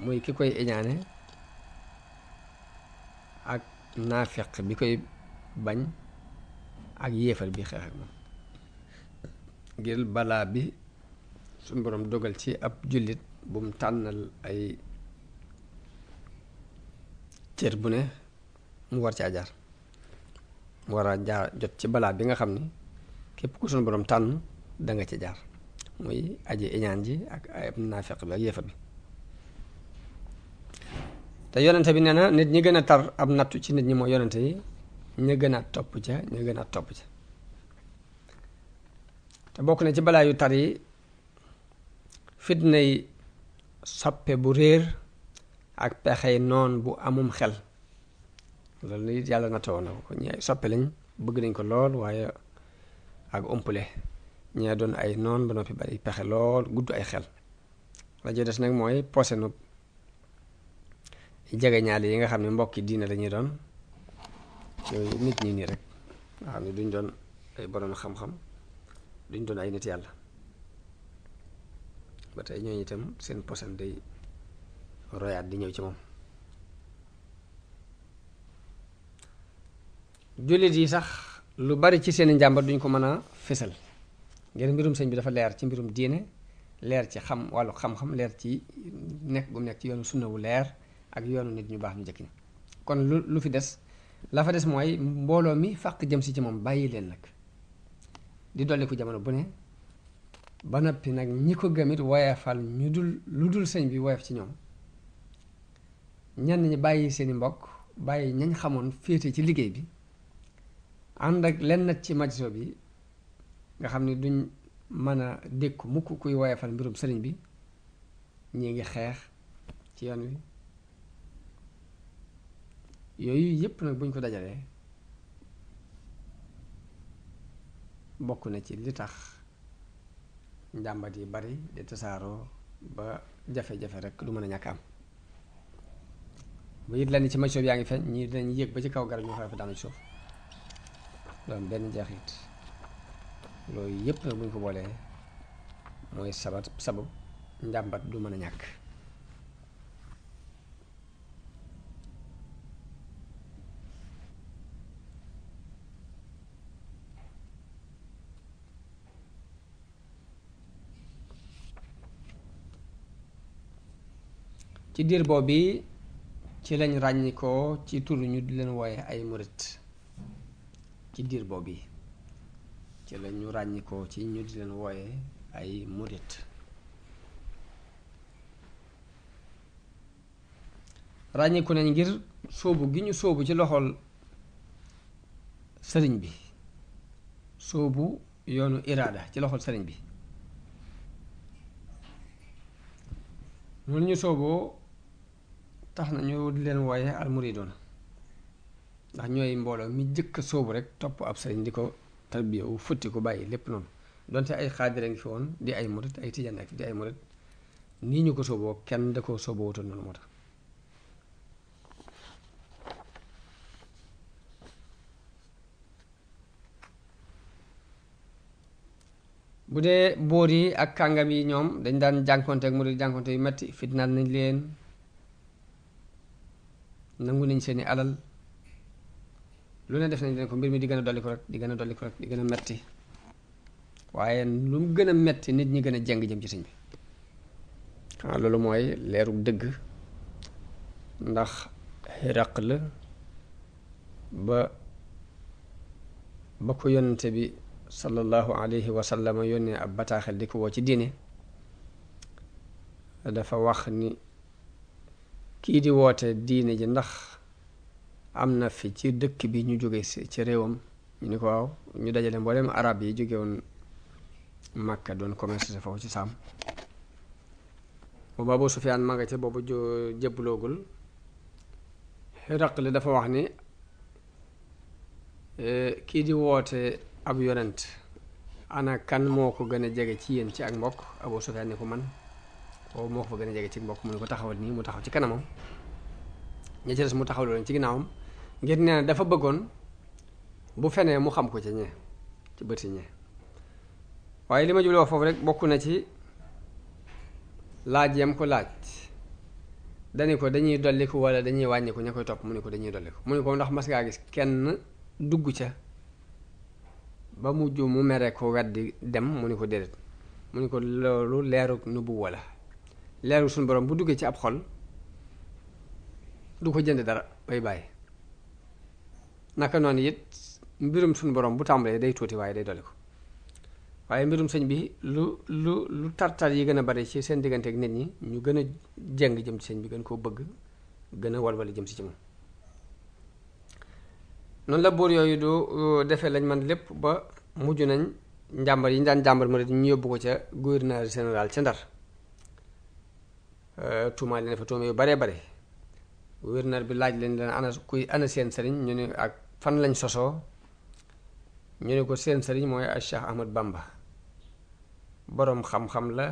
A: muy ki koy iñaane ak naafeq bi koy bañ ak yéefar bi xeex moom ngir balaa bi suñ boroom dogal ci ab jullit bu mu tànnal ay cër bu ne mu war ci ajaar mu war a jaar jot ci balaa bi nga xam ni képp ku suñu borom tànn danga nga jaar muy aji iñaan ji ak ayab naafeq bi ak yëfa bi te yonente bi nee na nit ñi gën a tar ab nattu ci nit ñi mooy yonente yi ñu gën a topp ca ñu gën a topp ca te bokk na ci balaa yu tar yi fitna yi soppe bu réer ak pexey noon bu amum xel loolu nit yàlla nattoo na ko ñi soppe lañ bëgg nañ ko lool waaye ak ëmpule ñee doon ay noon ba noppi bari pexe lool gudd ay xel la jo des nag mooy posenu nu jege yi nga xam ne mbokki diina lañuy doon yooyu nit ñi nii rek nga xam ne duñ doon ay borom xam-xam duñ doon ay nit yàlla ba tey ñooñu itam seen posen day royaat di ñëw ci moom jullit yi sax lu bari ci seen i njàmbat duñ ko mën a fésal ngeen mbirum sëñ bi dafa leer ci mbirum diine leer ci xam wàllu xam-xam leer ci nekk bu nekk ci yoonu sunna wu leer ak yoonu nit ñu baax ñu njëkk ñi kon lu lu fi des lafa des mooy mbooloo mi fàq jëm si ci moom bàyyi leen nag di dolli ko jamono bu ne ba noppi nag ñi ko gëmit woyefal ñu dul lu dul sëñ bi woyef ci ñoom ñenn ñi bàyyi seeni mbokk bàyyi ñañ xamoon féete ci liggéey bi ànd ak lenn ci majso bi nga xam ni duñ mën a dékku mukk kuy woyefal mbirum sëriñ bi ñi ngi xeex ci yoon wi yooyu yépp nag buñ ko dajalee bokk na ci li tax njàmbat yi bari di tasaaroo ba jafe-jafe rek du mën a ñàkk am bu it lenn ci majso bi yaa ngi feeñ ñii dinañ yéeg ba ci kaw garab ñu fa daanu suuf doon benn jeexit loolu yëpp nag buñ ko boolee mooy sabat sabab njàmbat du mën a ñàkk ci diir bi ci lañ ràññikoo ci tur ñu di leen wooye ay murit ci diir boob yi ci la ñu ràññikoo ci ñu di leen wooye ay murit ràññiku nañ ngir sóobu gi ñu sóobu ci loxol sëriñ bi sóobu yoonu iraada ci loxol sëriñ bi noonu ñu sooboo tax na di leen wooye almuridoon ndax ñooy mbooloo mi jëkk soobu rek topp ab sëriñ di ko tarbiyawu futti ko bàyyi lépp noonu donte ay xaadira ngi fi woon di ay murit ay tijaan ak di ay murit nii ñu ko sooboo kenn da ko sooboo wutoon noonu moo tax bu dee boor yi ak kàngam yi ñoom dañ daan jànkonte ak murit jànkonte yu metti fitnaal nañ leen nangu nañ seeni alal lu ne def nañ leen mi di gën a dolli ko rek di gën a dolli ko rek di gën a metti waaye lu gën a metti nit ñi gën a jeng jëm ci sëñ bi xanaa loolu mooy leeru dëgg ndax xiraq la ba ba ko yonente bi sallallahu alayhi wa sallam yónnee ab bataaxel di ko woo ci diine dafa wax ni kii di woote diine ji ndax am na fi ci dëkk bi ñu jóge ci réewam ñu ni ko waaw ñu dajale mboolem arab yi jóge woon Makka doon commerce sa foofu ci saam boobu Abu Sufyaan ma nga ca boobu jëbloogul dafa wax ni eh, kii di woote ab yonent ana kan moo ko gën a jege ci yéen ci ak mbokk Abu Sufyaan ni ko man boobu moo ko fa gën a jege ci mbokk mu ne ko taxawal nii mu taxaw ci kanamam ña ci mu taxaw loolu ci ginnaawam ngir nee na dafa bëggoon bu fenee mu xam ko ca ñee ci bëti ñee waaye li ma jubloo foofu rek bokk na ci laaj yam ko laaj dañu ko dañuy dolliku wala dañuy wàññiku ña koy topp mu ne ko dañuy dolliku mu ne ko ndax mas gis kenn dugg ca ba mujj mu mere ko weddi dem mu ne ko déedéet mu ne ko loolu leeru nubu walla leeru suñu borom bu duggee ci ab xol du ko jënd dara bay bàyyi naka noonu it mbirum suñu boroom bu tàmbalee day tuuti waaye day dolli ko waaye mbirum sëñ bi lu lu lu tartar yi gën a bari ci seen diggante ak nit ñi ñu gën a jeng jëm ci sëñ bi gën koo bëgg gën a walwali jëm si ci moom noonu la buur yooyu du uh, defee lañ man lépp ba mujj nañ njàmbar yi daan njàmbar ma ñu yóbbu ko ca gouverneur général ca Ndar uh, tuumaa leen dafa tuuma yu baree bare gouverneur bi laaj leen leen ana kuy ana seen sëriñ ñu ne ak fan lañ sosoo ñu ne ko seen sëriñ mooy ay Cheikh Ahmad Bamba boroom xam-xam la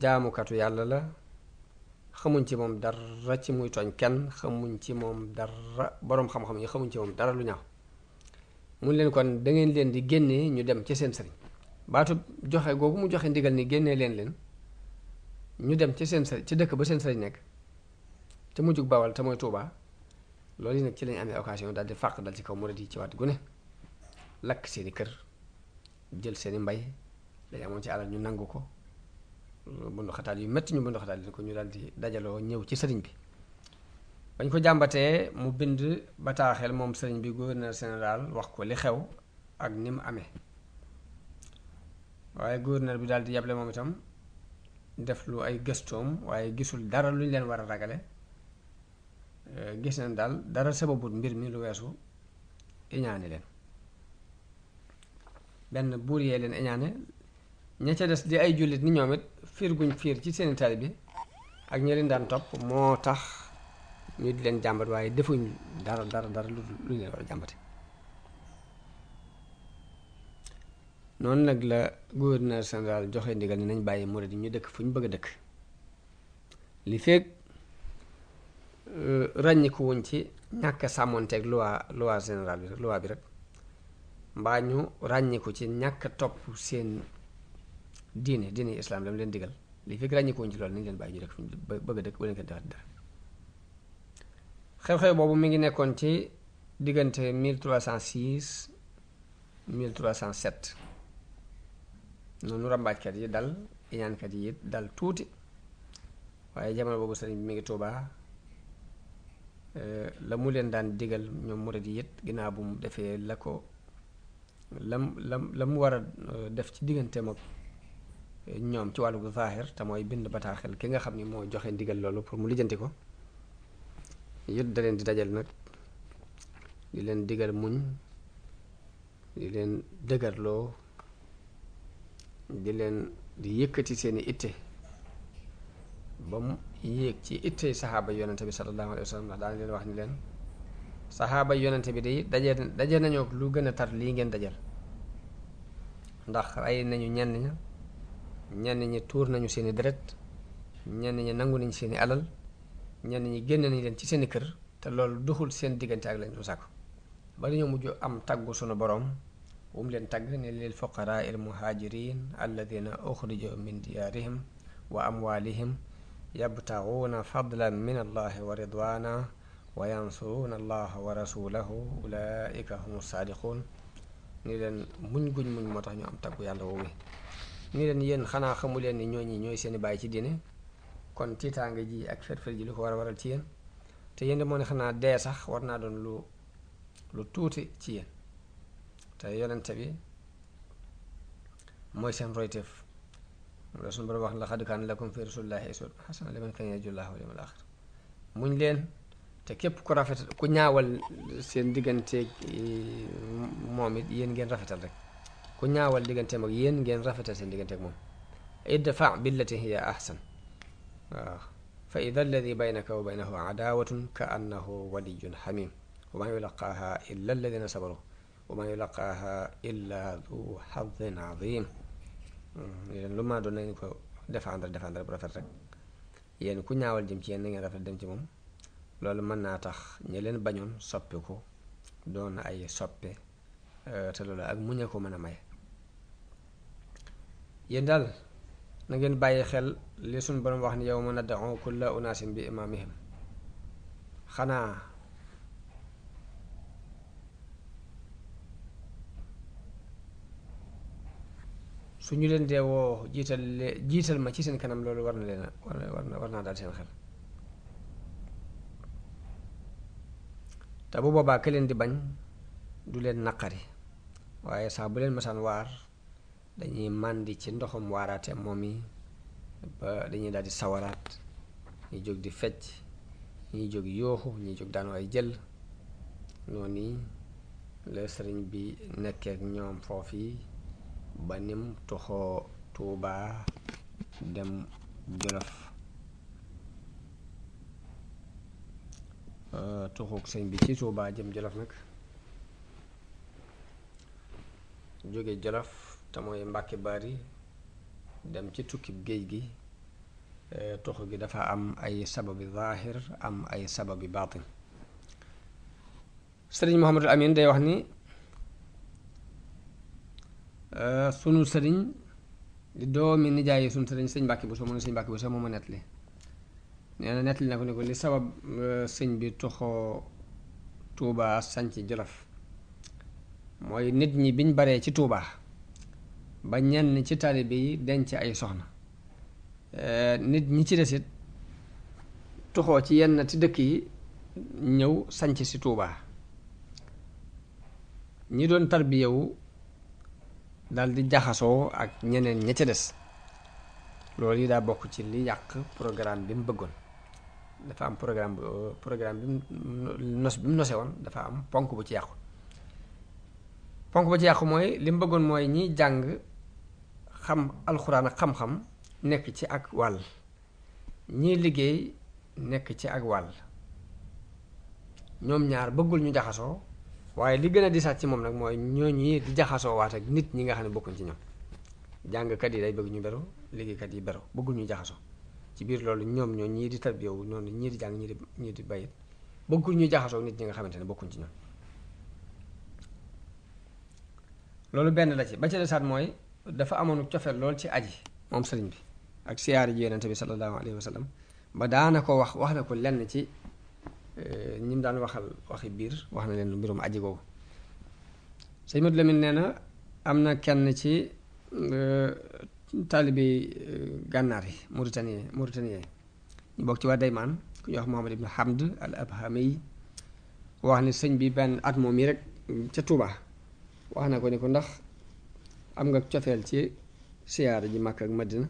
A: jaamukatu yàlla la xamuñ ci moom dara ci muy tooñ kenn xamuñ ci moom dara boroom xam-xam yi xamuñ ci moom dara lu ñaaw mu leen kon dangeen leen di génnee ñu dem ci seen sëriñ baatu joxe googu mu joxe ndigal ni génnee leen leen ñu dem ci seen sëriñ ci dëkk ba seen sëriñ nekk te mujjug bawal te mooy Tuubaa loolu yi nag ci lañ amee occasion daal di fàq dal ci kaw murid yi ci waat gu ne lakk seeni kër jël seeni mbay dañ amoon ci alal ñu nangu ko bundu xataal yu métti ñu bundu xataal yi ko ñu daal di dajaloo ñëw ci sëriñ bi dañ ko jàmbatee mu bind bataaxel moom sëriñ bi gouverneur seneraal wax ko li xew ak ni mu amee waaye gouverneur bi daal di yable moom itam def lu ay gëstoom waaye gisul dara luñ leen war a ragale Eh, gis nañ daal dara sababut mbir mi lu weesu iñaane leen benn buur yee leen iñaane ña ca des di ay jullit ni ñoom it fiir guñ fiir ci seeni tali bi ak ñi leen daan topp moo tax ñu di leen jàmbat waaye defuñ dara dara dara lu leen war jàmbate noonu nag la gouverneur général joxe ndigal ne nañ bàyyi murid yi ñu dëkk fu ñu bëgg a dëkk li fekk Euh, ràññiku wuñ ci ñàkk a sàmmonteeg loi loi générale bi rek loi mbaa ñu ràññiku ci ñàkk topp seen diine diine islam dama leen digal li fekk ràññiku ci loolu nañ leen bàyyi de dëkk bëgg a dëkk bu leen ko defati dara xew-xew boobu mi ngi nekkoon ci diggante cent 1307 noonu rambaajkat yi dal iñaankat yi dal tuuti waaye jamono boobu sëriñ bi mi ngi Tuubaa Euh, la mu leen daan digal ñoom murid yi it ginnaaw bu mu defee la ko lam lam la mu war a euh, def ci diggante ak euh, ñoom ci wàllu zaahir te mooy bind bataaxel ki nga xam ni moo joxe ndigal loolu pour mu lijjanti ko yët daleen di dajal nag di leen digal muñ di leen dëgërloo di leen di yëkkati seeni itte ba mu yéeg ci ittey saxaaba yonente bi sallallahu alayhi wa sallam ndax leen wax ni leen saxaaba yonente bi de daje daje nañoo lu gën a tar lii ngeen dajal ndax rey nañu ñenn ña ñenn ñi tuur nañu seeni deret ñenn ñi nangu nañ seeni alal ñenn ñi génn nañ leen ci seeni kër te loolu duxul seen diggante ak lañ doon sàkku ba mujj am taggu sunu boroom wu mu leen tagg ne lil fuqaraa il muhajirin alladina uxrijo min diyaarihim wa amwaalihim yabtaxuuna fadlan min allahi wa ridwaana wa yansuruuna allaha wa rasulahu ulaika humu saadiquun ni leen muñ guñ muñ moo tax ñu am taggu yàlla woowu ni leen yéen xanaa xamu leen ni ñooñi ñooy seeni bàyyi ci diine kon tiitaange ji ak ferfer ji lu ko war a waral ci yéen te yéen de moo ne xanaa dee sax war naa doon lu lu tuuti ci yéen te yonente bi mooy seen royteef suñu borom wax laqad kaana lakum fi rasulillahi uswatun hasana liman kaana yarju llaha wal yawmal axir muñ leen te képp ku rafetal ku ñaawal seen digganteeg eh, moom it yéen ngeen rafetal rek ku ñaawal digganteem ak yéen ngeen rafetal seen digganteeg moom idfa billati hiya ahsan waaw fa ida alladi baynaka wa baynahu adawatun ka annahu waliyun xamim wa maa yulaqaaha illa alladina sabaru wa maa yulaqaaha illa du xadin azim leen lu maa doon nañu ko défendre défendre bu rafet rek yéen ku ñaawal jëm ci yéen na ngeen rafet dem ci moom loolu mën naa tax ñi leen bañoon soppi ko doon ay soppe euh, te loolu ak muñ ko mën a may yéen daal na ngeen bàyyi xel li suñ borom wax ni yow mën a da'u kulla unaasin bi imaamihim xanaa su ñu leen dee woo jiital jiital ma ci seen kanam loolu war na leen war na war naa daal seen xel te bu boobaa ka leen di bañ du leen naqari waaye saa bu leen masaan waar dañuy màndi ci ndoxum waaraate moom yi ba dañuy daal di sawaraat ñu jóg di fecc ñuy jóg yooxu ñuy jóg daan waay jël noonu la sëriñ bi nekkeek ñoom foofu ba nim toxoo tuubaa dem jolof euh, toxook sëñ bi ci tuubaa jëm jolof nag jóge jolof te mooy mbàkke baari dem ci tukkib géej gi euh, toxu gi dafa am ay sababi zaahir am ay sababi baatin sëriñ Muhammadul Amin day wax ni Euh, sunu sëriñ di doomi nijaay sunu sëriñ sëñ Mbàkke Buso mu ne sëñ Mbàkke Buso moo ma nettali nee na nettali na ko ne li sabab euh, sëñ bi toxoo Tuubaa sañc Jolof mooy nit ñi biñ baree ci Tuubaa ba ñenn ci taalibe yi denc ay soxna euh, nit ñi ci desit toxoo ci yenn ti dëkk yi ñëw sañc si Tuubaa ñi doon tarbiyewu dal di jaxasoo ak ñeneen ña ca des loolu yi daa bokk ci li yàq programme bi mu bëggoon dafa am programme programme bi mu nos bi mu nose woon dafa am ponk bu ci yàqu ponk bu ci yàqu mooy li mu bëggoon mooy ñiy jàng xam alxuraan ak xam-xam nekk ci ak wàll ñiy liggéey nekk ci ak wàll ñoom ñaar bëggul ñu jaxasoo waaye li gën a disaat ci moom nag mooy ñooñu di jaxasoo waat ak nit ñi nga xam ne bokkuñ ci ñoom jàngkat yi day bëgg ñu beru liggéeykat yi beru ñu jaxasoo ci biir loolu ñoom ñoo ñii di tarbiyawu noonu ñii di jàng ñii di ñii di bayit ñu jaxasoo nit ñi nga xamante ne bokkuñ ci ñoom loolu benn la ci ba ci desaat mooy dafa amoon cofeel lool ci aji moom sëriñ bi ak siyaari ji yonente bi sallallahu alayhi wa sallam ba daana ko wax wax na ko lenn ci Euh, ñi mu daan waxal waxi biir wax na leen lu mbirum aji googu sëñ Modou Lamine nee na am na kenn ci euh, taalibi euh, gànnaar yi Mauritanie Mauritanie ñu bokk ci waa Daymaan ku ñuy wax Mohamad ibn Hamd al Abhami wax ne sëñ bi benn at moom yi rek ca Touba wax na ko ni ko ndax am nga cofeel ci siyaara ji Makka ak Madina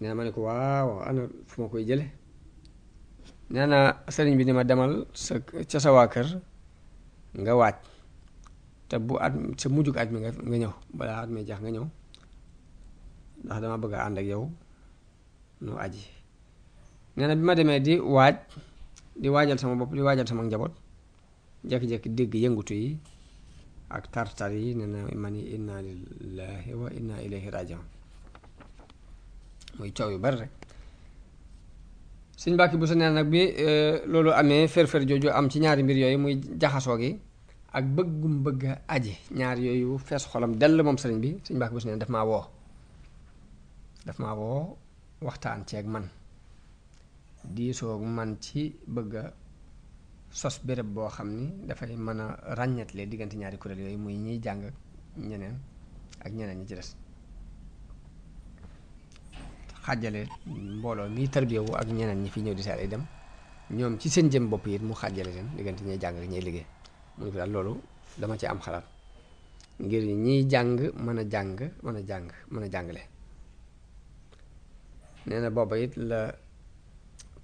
A: nee ma ne ko waaw ana fu ma koy jële nee naa sëriñ bi ni ma demal sa ca sa waa kër nga waaj te bu at sa mujjug at mi nga nga ñëw balaa at mi jax nga ñëw ndax dama bëgg a ànd ak yow nu aji nee na bi ma demee di waaj di waajal sama bopp di waajal sama njaboot jékki-jékki dégg yëngutu yi ak tartar yi nee na ma inna lillahi wa inna ilayhi rajiun muy coow yu bari rek sëñ bu Buso nee nag bi euh, loolu amee fër-fër jooju am ci ñaari mbir yooyu muy jaxasoo gi ak bëggum bëgg a aji ñaar yooyu fees xolam dell moom sëriñ bi sëñ Mbàkke Buso nee daf maa woo daf maa woo waxtaan ceeg man diisoo man ci bëgg a sos béréb boo xam ni dafay mën a ràññatle diggante ñaari kuréel yooyu muy ñiy jàng ñeneen ak ñeneen ñi ci des xàjjale mbooloo mi tarbiyewu ak ñeneen ñi fi ñëw di seet ay dem ñoom ci seen jëm bopp yi mu xàjjale leen diggante ñuy jàng ak ñuy liggéey mu ne ko daal loolu dama ci am xalaat ngir ñi jàng mën a jàng mën a jàng mën a jàngale nee na booba it la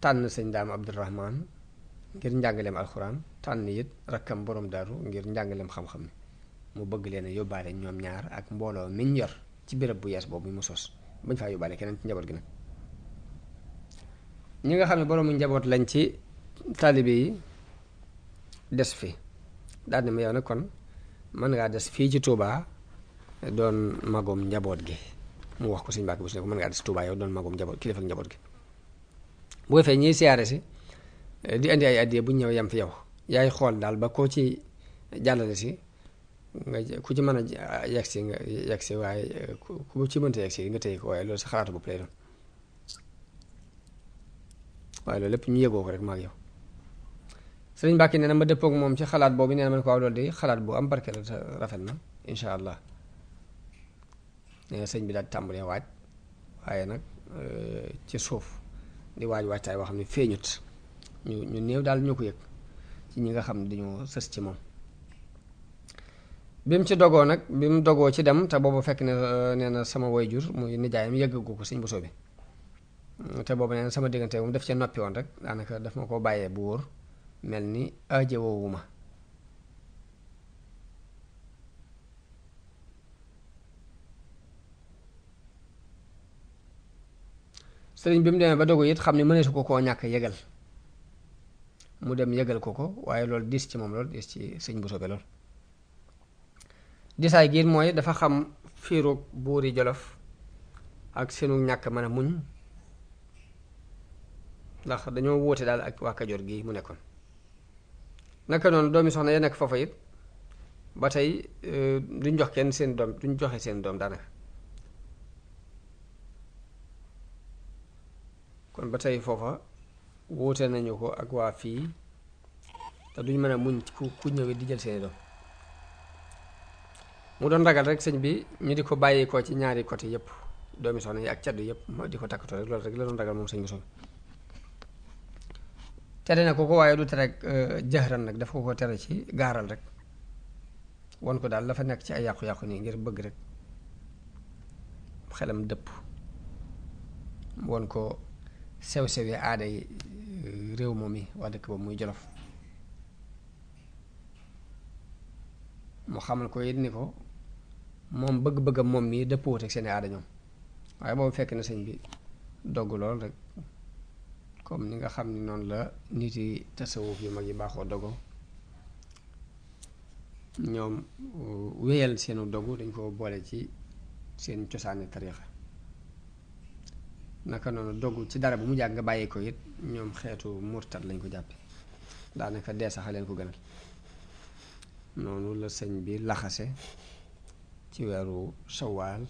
A: tànn sëñ daam Abdurahman ngir njàngaleem alxuraan tànn yit rakkam borom daru ngir njàngaleem xam-xam mu bëgg leen a yóbbaale ñoom ñaar ak mbooloo miñ yor ci béréb bu yees boobu mu sos bañ faa yóbbaale keneen ci njaboot gi nag ñi nga xam ne boroomu njaboot lañ ci taalibe yi des fi daal ne ma yow nag kon mën ngaa des fii ci tuubaa doon magoom njaboot gi mu wax ko suñu bàkk bi su ne ko mën ngaa des Touba yow doon magom njaboot kilifa ak njaboot gi bu fee ñiy siyaare si di indi ay addiye bu ñu ñëw yam fi yow yaay xool daal ba koo ci jàllale si nga ku ci mën a yegg si nga yegg waaye ku ci mënta yegg nga tey ko waaye loolu sa xalaatu bopp lay doon waaye loolu lépp ñu yëgoo ko rek ma ak yow sëriñ Mbàkke nee ma dëppoog moom ci xalaat boobu nee na man ko waaw loolu de xalaat bu am barke la rafet na incha allah nee sëñ bi daal tàmbalee waaj waaye nag euh, ci suuf di waaj waajtaay boo xam ni feeñut ñu ñu néew daal ñoo ko yëg ci ñi nga xam ne dañoo sës ci moom bi mu ci dogoo nag bi mu dogoo ci dem te boobu fekk ne euh, nee na sama way jur muy nijaayam yëggu ko ko sëñ Bousso bi mm, te boobu nee na sama diggante moom daf cee noppi woon rek daanaka daf ma ko bàyyee bu wóor mel ni aajowoowu ma sëriñ bi mu demee ba dogu it xam ne mëneesu ko koo ñàkk yëgal mu dem yëgal ko ko waaye loolu diis ci moom lool diis ci sëñ Bousso bi lool disaay gi mooy dafa xam fiirug buuri jolof ak seenu ñàkk mën a muñ ndax dañoo wóote daal ak waa kajoor gi mu nekkoon naka noonu doomi soxna ya nekk foofa it ba tey euh, duñ jox kenn seen doom duñ joxe seen doom daanaka kon ba tey foofa wóote nañu ko ak waa fii te duñ mën a muñ ku ku ñëwee di jël seeni doom mu doon ragal rek sëñ bi ñu di ko bàyyi ko ci ñaari côté yëpp doomi soxna yi ak caddu yëpp mooy di ko takkatoo rek loolu rek la doon ragal moom sëñ bi soxna tere na ko ko waaye du tere euh, jaxran nag daf ko ko tere ci gaaral rek won ko daal la nekk ci ay yàqu-yàqu nii ngir bëgg rek xelam dëpp won ko sew-sewee aada yi euh, réew moom yi wax dëkk ba muy jolof mu xamal ko it ni ko moom bëgg-bëggam moom mii dëppoo ak seen aada ñoom waaye boobu fekk na sëñ bi dogg lool rek comme ni nga xam ni noonu la nit yi tasawuf yu mag yi baaxoo dogo ñoom uh, wéyal seenu dogu dañ ko boole ci seen cosaani tariixa naka noonu dogu ci dara bu mu jàgg nga ko it ñoom xeetu murtat lañ ko jàppe daanaka dee sax ko gënal noonu bi laxase ci weeru shawaal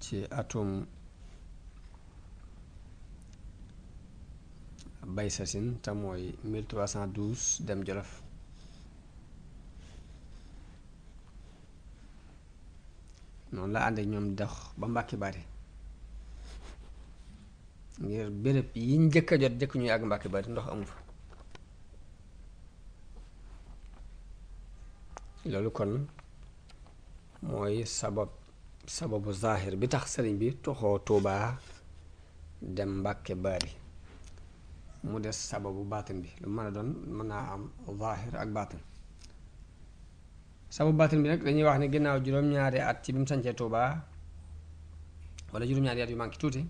A: ci atum baysasin te mooy 1312 dem jolof noonu la ànd ñoom dox ba mbàkki bari ngir béréb yi njëkk a jot jëkk ñuy àgg mbàkki bari ndox amu fa loolu kon mooy sabab sababu zahir bi tax sëriñ bi toxoo tuubaa dem mbàkke baari mu des sababu baatin bi lu mën a doon mën naa am zahir ak baatin sababu baatin bi nag dañuy wax ne ginnaaw juróom-ñaari at ci bi mu sancee tuubaa wala juróom-ñaari at yu manqué tuuti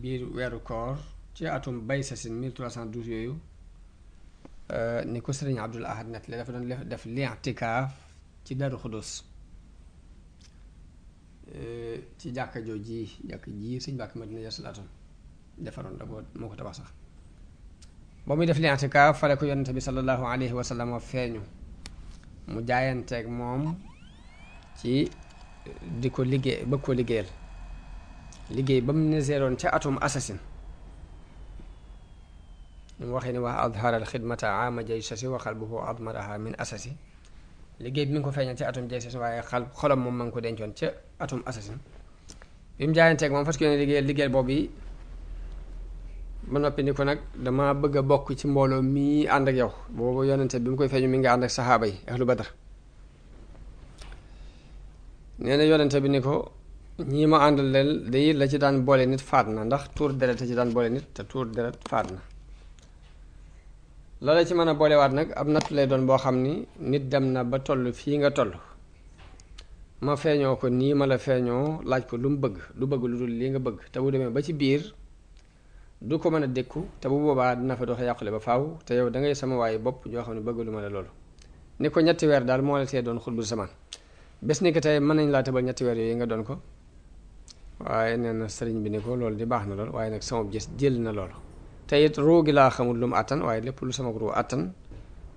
A: biir weeru koor ci atum bay sa sin 1312 yooyu euh, ni ko sëriñ Abdul Ahad net la dafa doon def li'tikaaf ci Daaru Xuddoos eh, ci jàkka joo ji jàkka ji sëñ Mbàkke Madina Yaasul Atam defaroon da ko moo ko tabax sax ba muy def li antikaaf fale ko yonente bi sallallahu alayhi wa feeñu mu jaayanteeg moom ci eh, di ko liggéey bëgg ko liggéeyal liggéey ba mu niseeroon ca atum assasine mu waxee ni waa adhara xidmata ama jay sasi wa qalbuhu admaraha min asasi liggéey bi mi ngi ko feeñal ci atum Jesus waaye xal xolam moom ma ngi ko dencoon ca atum assassin bi mu jaayanteeg moom fas yéene liggéeyal liggéey boobu yi ba noppi ni ko nag dama bëgg a bokk ci mbooloo mii ànd ak yow boobu yonente bi mu koy feeñu mi nga ànd ak saxaaba yi ahlu badar nee na yonente bi ni ko ñii ma àndal leen day la ci daan boole nit faat na ndax tuur deret ci daan boole nit te tuur deret faat na loola ci mën a boolewaat nag ab nattu lay doon boo xam ni nit dem na ba toll fii nga toll ma feeñoo ko nii ma la feeñoo laaj ko lu mu bëgg lu bëgg lu dul lii nga bëgg te bu demee ba ci biir du ko mën a dékku te bu boobaa dina fa dox yàqule ba faaw te yow da ngay sama waaye bopp joo xam ne bëgg lu ma la loolu ni ko ñetti weer daal moo la tee doon xutbul samaan bés ni ko tey mën nañ laa tëbal ñetti weer yooyu nga doon ko waaye neen na sëriñ bi ni ko loolu di baax na lool waaye nag sama gis jël na loolu teyit ruu gi laa xamul lu mu attan waaye lépp lu sama ruu àttan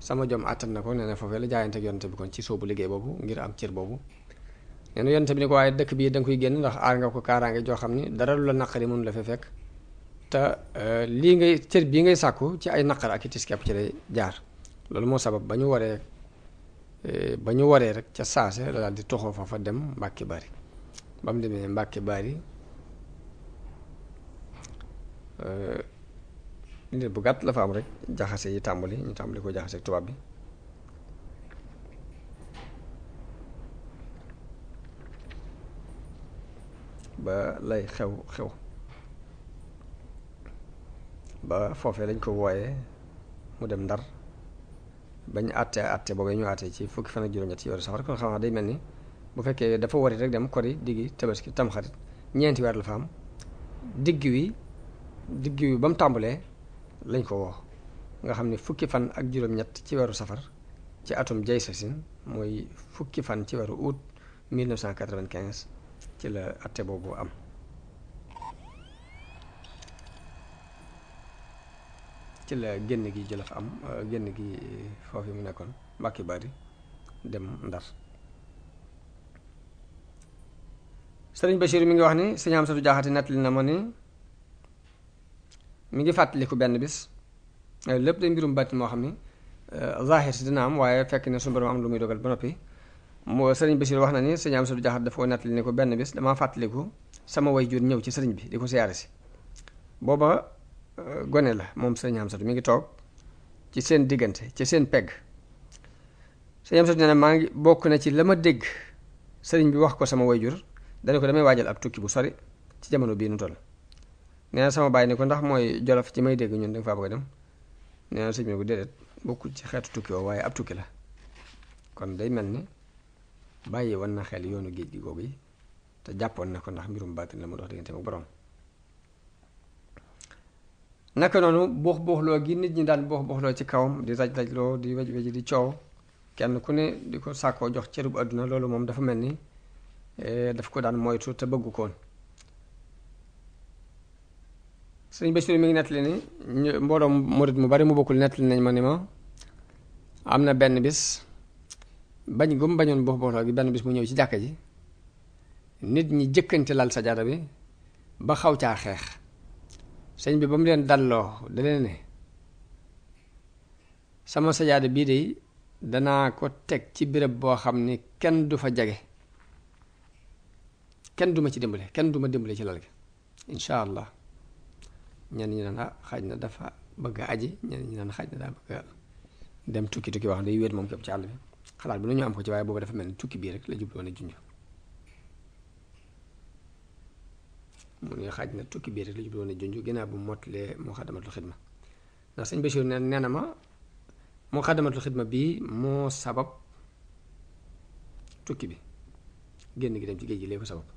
A: sama jom àttan na ko nee na foofee la jaayante ak yonte bi kon ci soobu liggéey boobu ngir am cër boobu nee na yonte bi ni ko waaye dëkk bii danga koy génn ndax aar nga ko kaaraange joo xam ni dara lu la naqari mun la fa fekk te euh, lii ngay cër bii ngay sàkku ci ay naqar ak i tiskepp ci lay jaar loolu moo sabab ba ñu euh, ba ñu waree rek ca saase la daal di toxoo fa fa dem mbàkki bari ba mu demee mbàkki bari euh, nit bu gàtt la fa am rek jaxase yi tàmbali ñu tàmbali ko jaxase tubaab bi ba lay xew xew ba foofee lañ ko wooyee mu dem ndar bañ àtte àtte boobee ñu àtte ci fukki fan ak juróom-ñetti yore safar kon xam naa day mel ni bu fekkee dafa wari rek dem kori diggi tabaski tamxarit ñeenti weer la fa am digg wi digg wi ba mu tàmbalee lañ ko woo nga xam ni fukki fan ak juróom-ñett ci weeru safar ci atum jaysasin mooy fukki fan ci weeru août 1995 ci la atte boobu am ci la génn gi jolof am euh, génn gi foofu mu nekkoon mbàkki bari dem ndar sëriñ Bachir mi ngi wax ni sa Amsatu Jaxate nettali na ma ni mi ngi fàttaliku benn bis euh, lépp day mbirum bàtt moo xam ni euh, zahir si dina am waaye fekk ne suñu borom am lu muy dogal ba noppi moo sëriñ Bachir wax na ni sëriñ Amsadu Jaxate dafa ko nettali ne ko benn bis damaa fàttaliku sama way jur ñëw ci sëriñ bi di ko siyaare si booba euh, gone la moom sëriñ Amsadu mi ngi toog ci seen diggante ci seen pegg sëriñ Amsadu ne na maa ngi bokk na ci la ma dégg sëriñ bi wax ko sama way jur dana ko damay waaja ab tukki bu sori ci jamono bii nu toll nee na sama bàyyi ne ko ndax mooy jolof ci may dégg ñun da nga faa bëgg a dem nee na sëñ bi ne ko ci xeetu tukki waaye ab tukki la kon day mel ni bàyyi woon na xel yoonu géej gi googu yi te jàppoon na ko ndax mbirum bàtt la mu dox diggante ak borom naka noonu buux buuxloo gi nit ñi daan buux buuxloo ci kawam di daj dajloo di wej wej di coow kenn ku ne di ko sàkkoo jox cërub àdduna loolu moom dafa mel ni eh, daf ko daan moytu te bëggu koon sëñ Bachir mi ngi nettali ni ñu mbooloo murit mu bari mu bokkul nettali nañ ma ni ma am na benn bis bañ gum bañoon boo booloo gi benn bis mu ñëw ci jàkka ji nit ñi jëkkante lal sajaada bi ba xaw caa xeex sëñ bi ba mu leen dalloo da leen ne sama sajaada bii de danaa ko teg ci béréb boo xam ni kenn du fa jege kenn du ma ci dimbale kenn du ma dimbale ci lal gi incha allah ñenn ñi naan na ah, xaj na dafa bëgg a aji ñenn ñi naan xaj na daa bëgg a dem tukki tukki wax day wéet moom képp ci àll bi xalaat bi lu ñu am ko ci waaye boobu dafa mel ni tukki bii rek la jubloon a junj mu ne xaj na tukki bii rek la jubloon a junj ginnaaw bu mottalee muxaddamatul xidma ndax sañ Bachir nee na ma muxaddamatul xidma bii moo sabab tukki bi génn gi dem ci géej gi lee ko sabab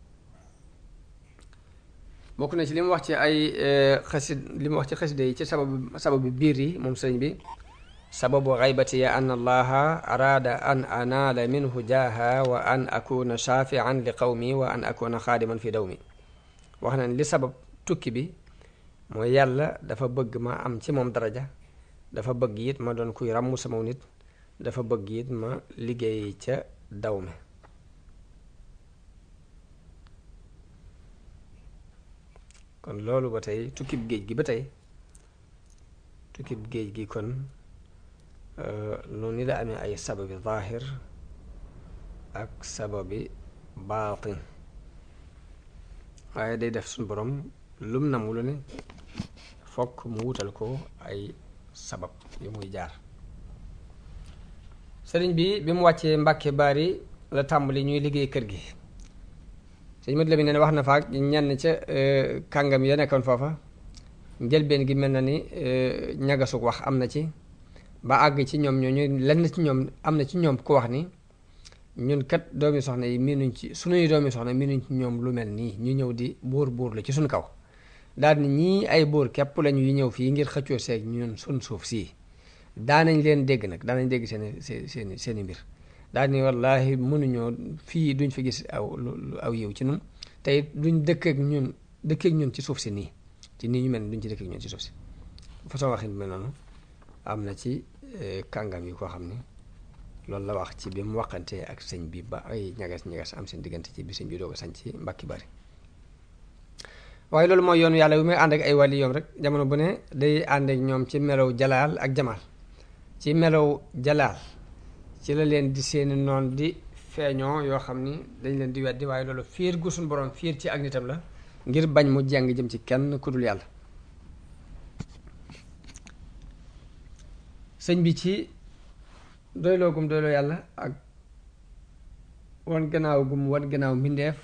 A: bokk na ci li mu wax ci ay eh, xasid li mu wax ci xasida yi ci sababu sababu biir yi moom sëriñ bi sababu xaybati ya an allaha araada an anaala minhu jaaha wa an akuna shaafian li qawmi wa an akuna xaadiman fi dawmi wax na li sabab tukki bi mooy yàlla dafa bëgg ma am ci moom daraja dafa bëgg it ma doon kuy ràmm sama nit dafa bëgg it ma liggéey ca dawme kon loolu ba tey tukkib géej gi ba tey tukkib géej gi kon euh, noonu ni la amee ay sababi zaahir ak sababi baatin waaye day def suñu borom lum namu lu ne fokk mu wutal ko ay sabab yu muy jaar sëriñ bi bi mu wàccee Mbàkke Baari la tàmbali ñuy liggéey kër gi sëñ Modou Lamine ne wax na faak ñenn ca euh, kàngam ya nekkoon foofa njëlbeen gi mel na ni euh, ñagasug wax am na ci ba àgg ci ñoom ñooñu lenn ci ñoom am na ci ñoom ku wax ni ñun kat doomi soxna yi miinuñ ci sunuy doomi soxna miinuñ ci ñoom lu mel nii ñu ñëw di buur buur la ci suñu kaw daal ñii ay buur képp lañu yu ñëw fii ngir xëccoo seeg ñun suñ suuf sii daanañ leen dégg nag daanañ dégg seen seeni seen i mbir daal ni wallahi mënuñoo fii duñ fi gis aw aw yiw ci ñun te it duñ dëkkeek ñun dëkkeek ñun ci suuf si nii ci nii ñu mel ni duñ ci dëkkeek ñun ci suuf si façon waxin mel noonu am na ci eh, kàngam yi koo xam ni loolu la wax ci bi mu waxantee ak sëñ bi ba ay ñagas ñagas am seen diggante ci bi sëñ bi doog a sañ ci mbakki bari waaye loolu mooy yoon yàlla bi muy ànd ak ay wàlli yoom rek jamono bu ne day ànd ak ñoom ci melow jalaal ak jamaal ci melow jalaal ci la leen di seeni noon di feeñoo yoo xam ni dañ leen di weddi waaye loolu fiir gu suñ borom fiir ci ak nitam la ngir bañ mu jàng jëm ci kenn ku dul yàlla sëñ bi ci doyloo gum doyloo yàlla ak wan gannaaw gum wan gannaaw mbindeef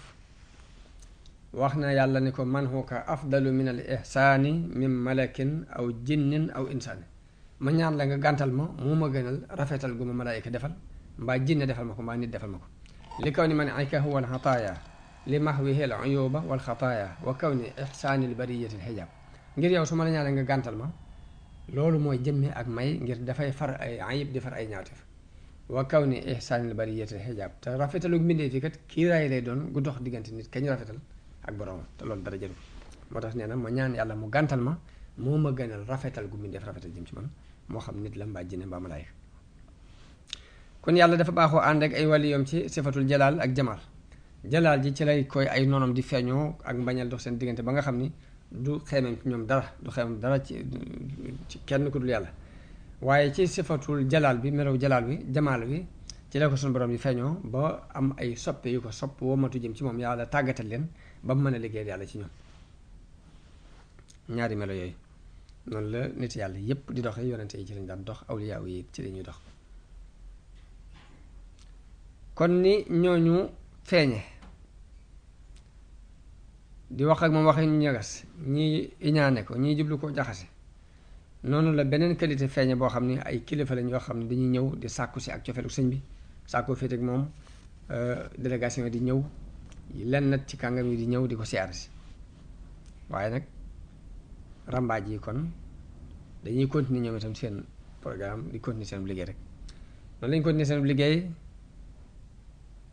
A: wax na yàlla ni ko man huka afdalu min al ihsaani min malakin aw jinnin aw insaani ma ñaan la nga gàntal ma moo ma gënal rafetal gu ma malaayika defal mbaa jinne defal ma ko mbaa nit defal ma ko li ni man aykahu wal xataaya li maxwihi al uyuba wal xataaya wa kaw ni ixsaanil bariyati al xijaab ngir yow su ma la ñaan la nga gàntal ma loolu mooy jëmme ak may ngir dafay far ay ayib di far ay ñaawteef kaw ni ixsaanil bariyati al xijaab te rafetalu mbindee fi kat kiiraay lay doon gu dox diggante nit kañ rafetal ak boroomam te loolu dara jëru moo tax nee na ma ñaan yàlla mu gàntal ma moo ma gënal rafetal gu mbindee fi rafetal jëm ci man moo xam nit la mbaa jinne mbaa malaayika kon yàlla dafa baaxoo ànd ak ay waliyoom ci sifatul jalaal ak jamaal jalaal ji ci lay koy ay noonam di feeñoo ak mbañal dox seen diggante ba nga xam ni du xeemem ci ñoom dara du xeemem dara ci ci kenn ku dul yàlla waaye ci sifatul jalaal bi merew jalaal bi jamaal bi ci la ko suñu borom yi feeñoo ba am ay soppe yu ko sopp womatu jëm ci moom yàlla tàggatal leen ba mu mën a liggéey yàlla ci ñoom ñaari melo yooyu noonu la nit yàlla yépp di doxe yonente yi ci lañ daan dox awliyaaw yi ci lañuy dox kon ni ñooñu feeñe di wax ak moom waxe ñu ñagas ñi iñaane ko ñii jublu ko jaxase noonu la beneen qualité feeñe boo xam ne ay kilifa lañ yoo xam ne dañuy ñëw di sàkku si ak cofeelu sëñ bi sàkku féete ak moom euh, délégation yi di ñëw lenn nag ci kàngam yi di ñëw di ko siyaar si waaye nag rambaaj yi kon dañuy continuer ñoom itam seen programme di continuer seen liggéey rek noonu lañ continuer seen liggéey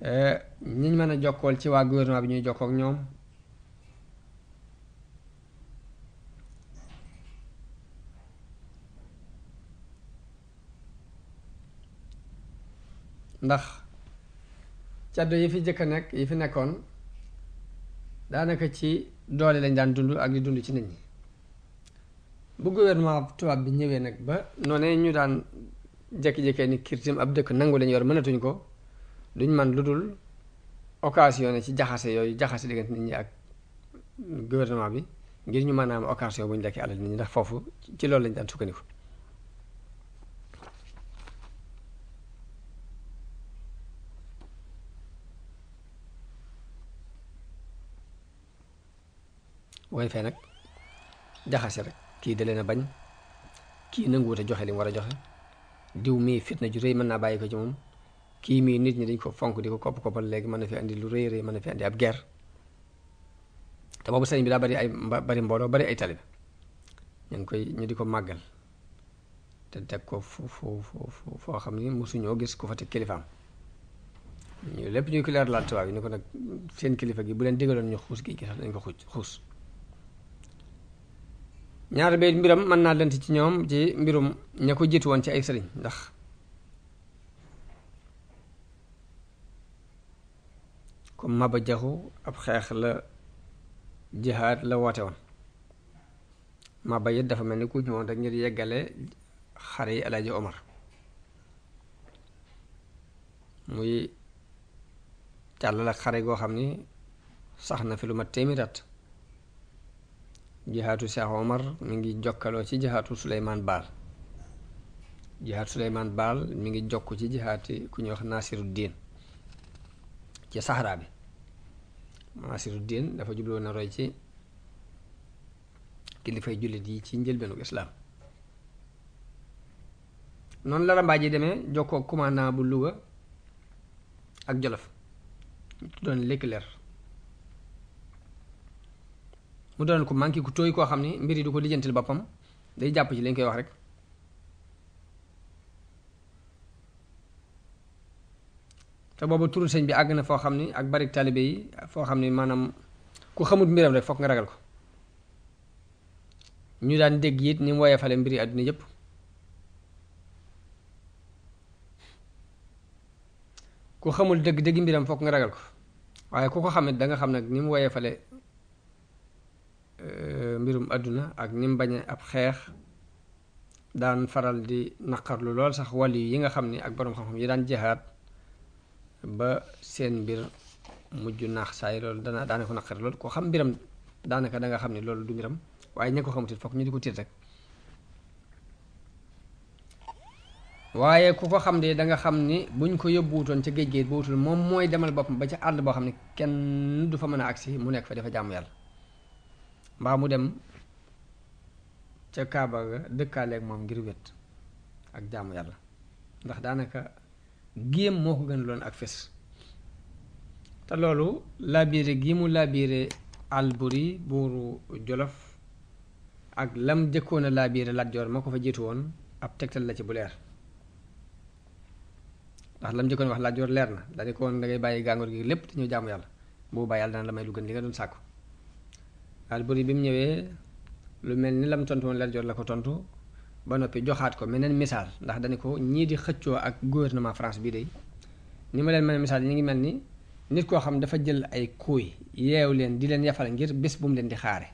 A: eh, ñiñ mën a jokkool ci waa gouvernement bi ñuy jokkook ñoom ndax caddo yi fi jëkk a nekk yi fi nekkoon daanaka ci doole lañ daan dund ak di dund ci nit ñi bu gouvernement tubaab bi ñëwee nag ba noonee ñu daan jékki-jékkee ni kirtim ab dëkk nangu lañu yor mënatuñ ko duñ man lu dul occasion ne ci jaxase yooyu jaxase diggante nit ñi ak gouvernement bi ngir ñu mën a am occasion bu ñu lekkee alal nit ñi ndax foofu ci loolu lañ daan sukkandiku booy fee nag jaxase rek kii da leen a bañ kii nanguwut a joxe li mu war a joxe diw mii fitna ju rëy mën naa bàyyi ko ci moom kii mii nit ñi dañ ko fonk di ko kopp koppal léegi mën na fi andi lu rëy rëy mën na fi andi ab guerre te boobu sëriñ bi daa bari ay bari mbooloo bari ay talib ñu ngi koy ñu di ko màggal te teg ko fu fu fu gis ku fa teg kilifaam ñu lépp ñuy ko leer laal tubaab yi ko nag seen kilifa gi bu leen digaloon ñu xuus gi gi sax dañ ko xuus xuus ñaar bee mbiram mën naa lënt ci ñoom ci mbirum ña ko jiitu woon ci ay sëriñ ndax comme Maba Jaxu ab xeex la jihaad la wate woon Maba it dafa mel ni ku ñëwoon rek ngir yeggale xare yi Alaaji Omar muy jàllal ak xare goo xam ni sax na fi lu mat téeméer at jihaatu Cheikh Omar mi ngi jokkaloo ci jihaatu Souleymane Baal jihaatu Souleymane Baal mi ngi jokk ci jihaati ku ñuy wax Nasiru Diin ci Sahara bi Nasiru Diin dafa jubloo na roy ci kilifay jullit yi ci njëlbeenu islaam noonu la rambaaj demee jokkoo commandant bu Louga ak Jolof doon Leclerc mu doon ko manqué ku tooy koo xam ni mbir yi du ko lijjantil boppam day jàpp ci lañ koy wax rek te boobu turu sëñ bi àgg na foo xam ni ak bari taalibe yi foo xam ni maanaam ku xamut mbiram rek foog nga ragal ko ñu daan dégg it ni mu woyee fale mbiri àdduna yépp ku xamul dëgg dëgg mbiram foog nga ragal ko waaye ku ko xam ne danga xam nag ni mu fale Euh, mbirum àdduna ak ni mu ab xeex daan faral di naqarlu lool sax wàllu yi nga xam ni ak boroom xam-xam yi daan jihaad ba seen mbir mujj naax saay loolu dana daana ko naqari lool koo xam mbiram daanaka da nga xam ni loolu du mbiram waaye ña ko xamutit fokk ñu di ko tiit rek waaye ku ko xam de da nga xam ni bu buñ ko yóbbuwutoon ca géej géej bootul moom mooy demal boppam ba ca àll boo xam ne kenn du fa mën a agsi mu nekk fa defa jàmm yàlla mbaa mu dem ca Kaaba ga dëkkaaleeg moom ngir wet ak jaamu yàlla ndax daanaka géem moo ko gën ak fes te loolu labiré gii mu labiré Alburi buuru Jolof ak lam jëkkoon a labiré Lat Joor moo ko fa jiitu woon ab tegtal la ci bu leer ndax lam jëkkoon wax Lat Joor leer na da di ko woon da ngay bàyyi gàngoor gi lépp te jaamu yàlla boobu yàlla dana la may lu gën li nga doon sàkku Alburi bi mu ñëwee lu mel ni lam tontu woon Lat la ko tontu ba noppi joxaat ko meneen misaal ndax dañu ko ñii di xëccoo ak gouvernement France bii de ni ma leen mën a misaal ñi ngi mel ni nit koo xam dafa jël ay kuuy yeew leen di leen yafal ngir bés bu mu leen di xaare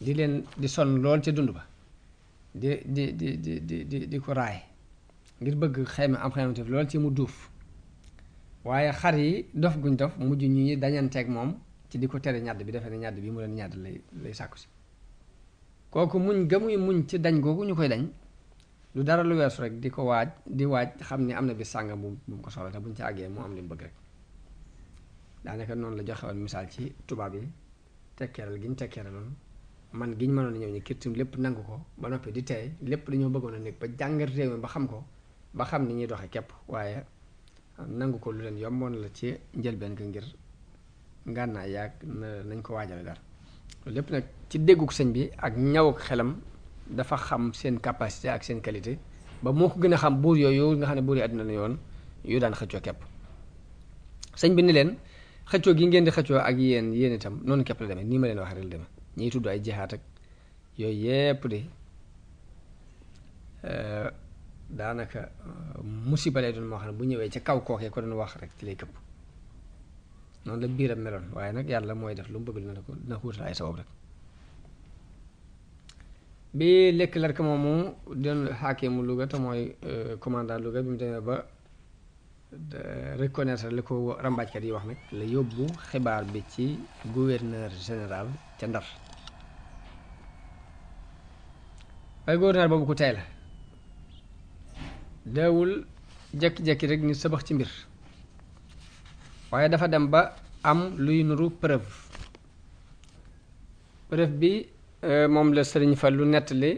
A: di leen di sonn lool ci dund ba di di di di di di ko raay ngir bëgg xayma am xayma lool ci mu duuf waaye xar yi dof guñ dof mujj ñuy dañanteeg moom ci di ko tere ñàdd bi defee ne ñàdd bi mu leen ñàdd lay lay sàkku si kooku muñ gamuy muñ ci dañ googu ñu koy dañ lu dara lu weesu rek di ko waaj di waaj xam ni am na bi sàngam bu mu ko soxla te buñ ci àggee mu am li bëgg rek daanaka noonu la joxe woon ci tubaab yi tekkeeral gi ñu tekkeeraloon man gi mënoon ñëw ñi kirtim lépp nangu ko ba noppi di tey lépp dañoo bëggoon a nekk ba jàngat réew mi ba xam ko ba xam ni ñuy doxee képp waaye nangu ko lu leen yomboon la ci njëlbeen ga ngir ngànnaay yaag nañ ko waajale dara lépp nag ci déggu sëñ bi ak ñawuk xelam dafa xam seen capacité ak seen qualité ba moo ko gën a xam buur yooyu nga xam ne buur yi àddina la yoon yu daan xëccoo kepp sëñ bi ni leen xëccoo gi ngeen di xëccoo ak yéen yéen itam noonu kepp la demee nii ma leen wax rek la demee ñiy tudd ay jihaat ak yooyu yépp de euh, daanaka musiba lay doon moo xam ne bu ñëwee ca kaw kookee ko doon wax rek ci lay këpp noonu la biiram meloon waaye nag yàlla mooy def lu mu bëgg dina ko dina ko wutal ay sabab rek bi lekk lark moomu doon xaakimu Louga te mooy euh, commandant Louga bi mu demee ba reconnaître li ko rambaajkat yi wax nag la yóbbu xibaar bi ci gouverneur général ca Ndar waaye gouverneur boobu ku tey la deewul jekki-jekki rek ni sabax ci mbir waaye dafa dem ba am luy nuru preuve përëf bi euh, moom la sëriñ fa lu nettali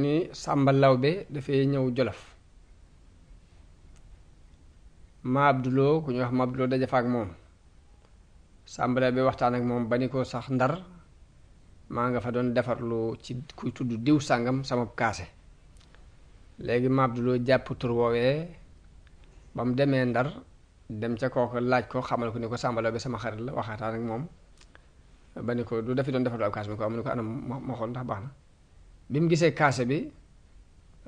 A: ni Sàmba Lawbe dafay ñëw Jolof ma abduloo ku ñuy wax ma abduloo dajafa moom Sàmba bi waxtaan ak moom ba ni ko sax Ndar maa nga fa doon defarlu ci kuy tudd diw sàngam sama kaase léegi ma abduloo jàpp tur woowee ba mu demee Ndar dem ca kooku laaj ko xamal ko ni ko sàmbala bi sama xarit la waxaataan ak moom ba ni ko du dafi doon defal ab kaas bi ko am ni ko anam ma xool ndax baax na bi mu gisee kaase bi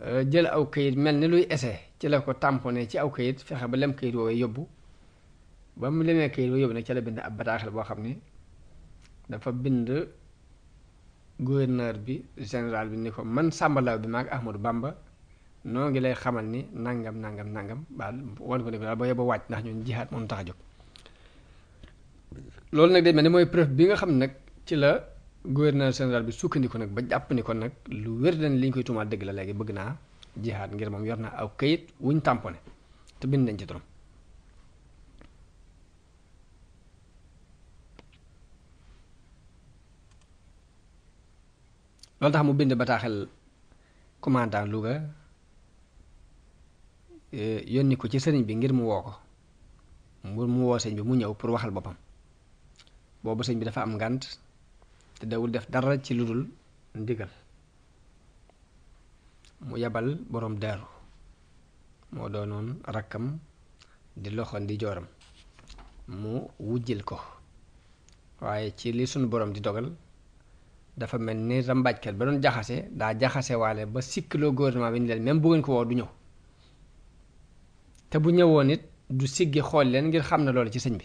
A: euh, jël aw kayit mel ni luy ese ci la ko tamponné ci aw kayit fexe ba lem kayit woowee yóbbu ba mu lemee kayit ba yóbbu nag ca la bind ab bataaxal boo xam ni dafa bind gouverneur bi général bi ni ko man sàmbalaaw bi maag Ahmadou Bamba noo ngi lay xamal ni nangam nangam nangam baal wan ko ne ko daal ba yóbbu wàcc ndax ñun jihaat moom tax a jóg loolu nag day mel ni mooy preuve bi nga xam nag ci la gouverneur général bi sukkandiku nag ba jàpp ni ko nag lu wér dañ li koy tuumaal dëgg léegi bëgg naa jihaat ngir moom yor naa aw kayit wuñ tamponné te bind nañ ci turam loolu tax mu bind bataaxel commandant Louga Eh, yónni ko ci sëriñ bi ngir mu woo ko mu woo sëñ bi mu ñëw pour waxal boppam boobu sëñ bi dafa am ngànt te dawul def dara ci lu dul ndigal mu yabal boroom daaru moo doon doonoon rakkam di loxo di jooram mu wujjil ko waaye ci li sunu borom di dogal dafa mel ni rambaajkat ba doon jaxase daa jaxase waale ba sikkloo gouvernement bi ni leen même bu ngeen ko woo du ñëw te bu ñëwoon it du siggi xool leen ngir xam na loolu ci sëñ bi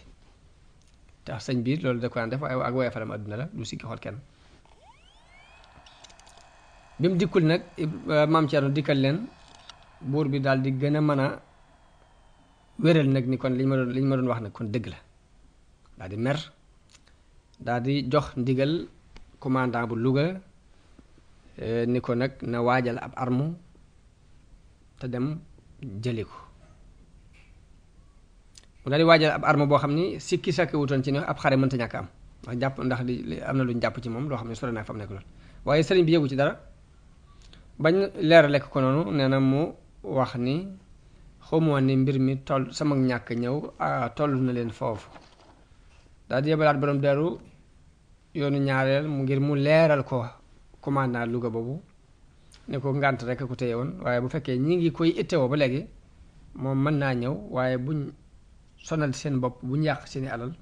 A: tax sëñ bi loolu da ko daan def waaye ak woye faram àdduna la du siggi xool kenn bi mu dikkul nag maam Thierno dikkal leen buur bi daal di gën a mën a wéral nag ni kon liñ ma doon liñ ma doon wax nag kon dëgg la daal di mer daal di jox ndigal commandant bu Louga eh, ni ko nag na waajal ab arme te dem jëli ko mu daal di waajal ab arme boo xam ni sikki sàkki wutoon ci ne ab xare mënta ñàkk am ndax jàpp ndax li am na lu ñu jàpp ci moom loo xam ne sore naa fa mu nekk lool waaye sëriñ bi yëgu ci dara bañ leer lekk ko noonu nee na mu wax ni xamoon ni mbir mi toll sama ñàkk ñëw toll na leen foofu daal di yebalaat borom daru yoonu ñaareel mu ngir mu leeral ko commandant Louga boobu ne ko ngànt rek ko téye woon waaye bu fekkee ñi ngi koy ittewoo ba léegi moom mën naa sonal seen bopp bu ñu yàq alal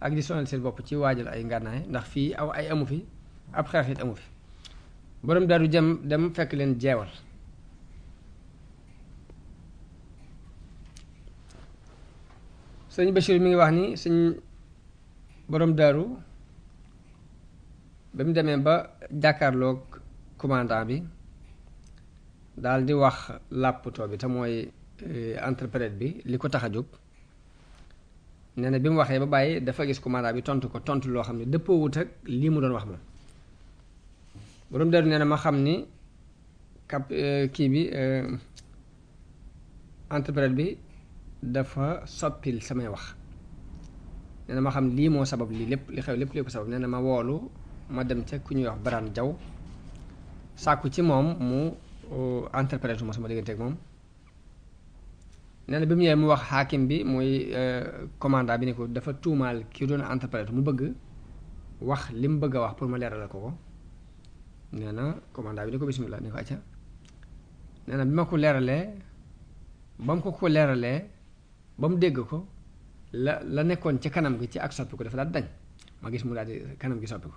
A: ak di sonal seen bopp ci waajal ay ngànnaay ndax fii aw ay amu fi ab xeex amu fi boroom daaru jëm dem fekk leen jeewal sëñ Bachir mi ngi wax ni sëñ boroom daaru ba mu demee ba jàkkaarloog commandant bi daal di wax làpputoo bi te mooy entrepreneur euh, bi li ko tax a jóg nee na bi mu waxee ba bàyyi dafa gis commandant bi tontu ko tontu loo xam ne dëppoo wut ak lii mu doon wax moom borom daru nee na ma xam ni cap euh, kii bi euh, entrepreneur bi dafa soppil samay wax nee ma xam lii moo sabab lii lépp li xew lépp lépp sabab nee na ma woolu ma dem ca ku ñuy wax Baraan Jaw sàkku ci moom mu euh, entrepreneur ma sama diggante ak moom nee na bi mu ñëwee mu wax xaakim bi muy euh, commandant bi ne ko dafa tuumaal kii doon interprète mu bëgg wax li mu bëgg a wax pour ma leerale ko ko nee na commandant bi ne ko bisimilah ne ko ma ko leerale ba mu ko ko leeralee ba mu dégg ko la la nekkoon ci kanam gi ci ak soppi ko dafa daal dañ ma gis mu daal di kanam gi soppi ko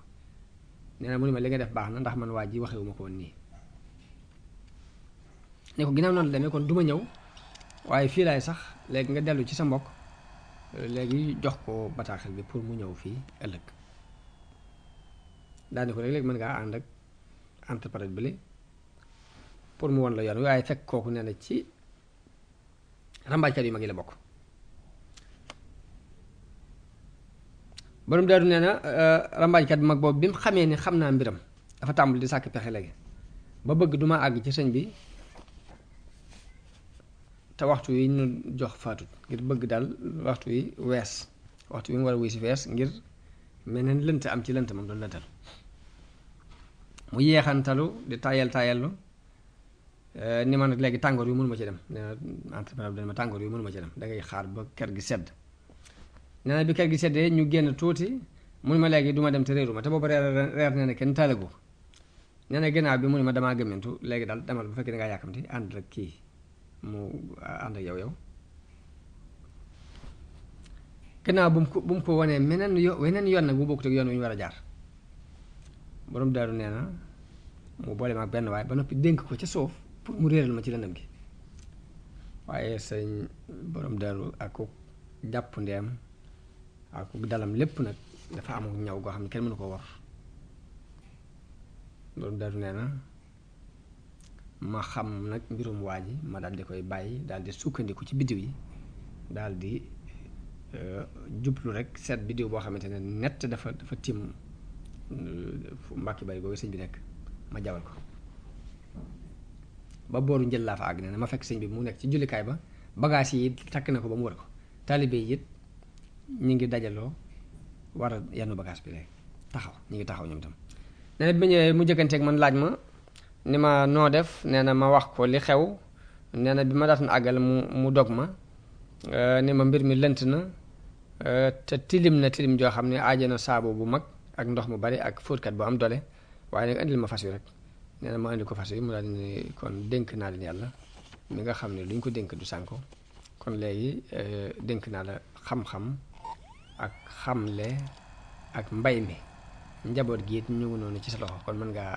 A: nee na mu ne ma li nga def baax na ndax man waa ji waxewu ma ko nii ne ko ginnaaw noonu la demee kon du ñëw waaye fii laay sax léegi nga dellu ci sa mbokk léegi jox ko bataaxal bi pour mu ñëw fii ëllëg daani ko léeg-léeg mën ngaa ànd ak entrepreneur bi li pour mu won la yoon waaye fekk kooku nee na ci rambaajkat yu mag yi la bokk borom daaru nee na euh, rambaajkat bu mag boobu bi mu xamee ni xam naa mbiram dafa tàmbul di sàkk pexe léegi ba bëgg duma àgg ci sëñ bi te waxtu yi ñu jox faatut ngir bëgg daal waxtu yi wees waxtu yi mu war a wuy si wees ngir meneen lënt am ci lënt moom doon lëntal mu yeexantalu di tayal tayallu eh, ni man léegi tàngoor yu mënu ma ci dem nee na entrepreneur bi ma tàngoor yu mënu ma ci dem da ngay xaar ba kër gi sedd nee na bi kër gi seddee ñu génn tuuti mun ma léegi du ma dem te reeru ma te boobu reer reer nee na kenn taalagu nee na ginnaaw bi mu ne ma damaa gëmmentu léegi daal demal bu fekkee da ngaa yàkkamti ànd rek kii mu ànd ak yow yow gannaaw bu mu ko bu mu ko wanee meneen yo weneen yoon nag bu bokkut ak yoon wu ñu war a jaar borom daaru nee na mu boole ma ak benn waaye ba noppi dénk ko ca suuf pour mu réeral ma ci lëndam gi waaye sëñ borom daaru ak ku jàpp ndeem ak ku dalam lépp nag dafa am ñaw goo xam ne kenn mënu koo war borom daaru nee na ma xam nag mbirum waa ji ma daal di koy bàyyi daal di sukkandiku ci biddiw yi daal di euh, jublu rek seet biddiw boo xamante ne nett dafa dafa tiim euh, mbàkki bari googu sëñ bi nekk ma jawal ko ba booru njël laa fa àgg ne ma fekk sëñ bi mu nekk ci jullikaay ba bagage yi takk na ko ba mu wër ko taalibe it ñu ngi dajaloo war a yanu bagage bi léegi taxaw ñu ngi taxaw ñoom tam nee bi ma mu jëkkanteeg man laaj ma ni ma noo def nee na ma wax ko li xew nee na bi ma daataan àggal mu mu dog ma euh, ni ma mbir mi lënt na euh, te tilim na tilim joo xam ne aaje na saabu bu mag ak ndox mu bari ak fóotkat boo am dole waaye indi indil ma fas yu rek nee na ma indi ko fas yu mu daal di kon dénk naa leen mi nga xam ne lu ko dénk du sànko kon léegi euh, dénk naa la xam-xam ak xamle ak mbay mi njaboot gi it ñu ngi noonu ci sa loxo kon mën ngaa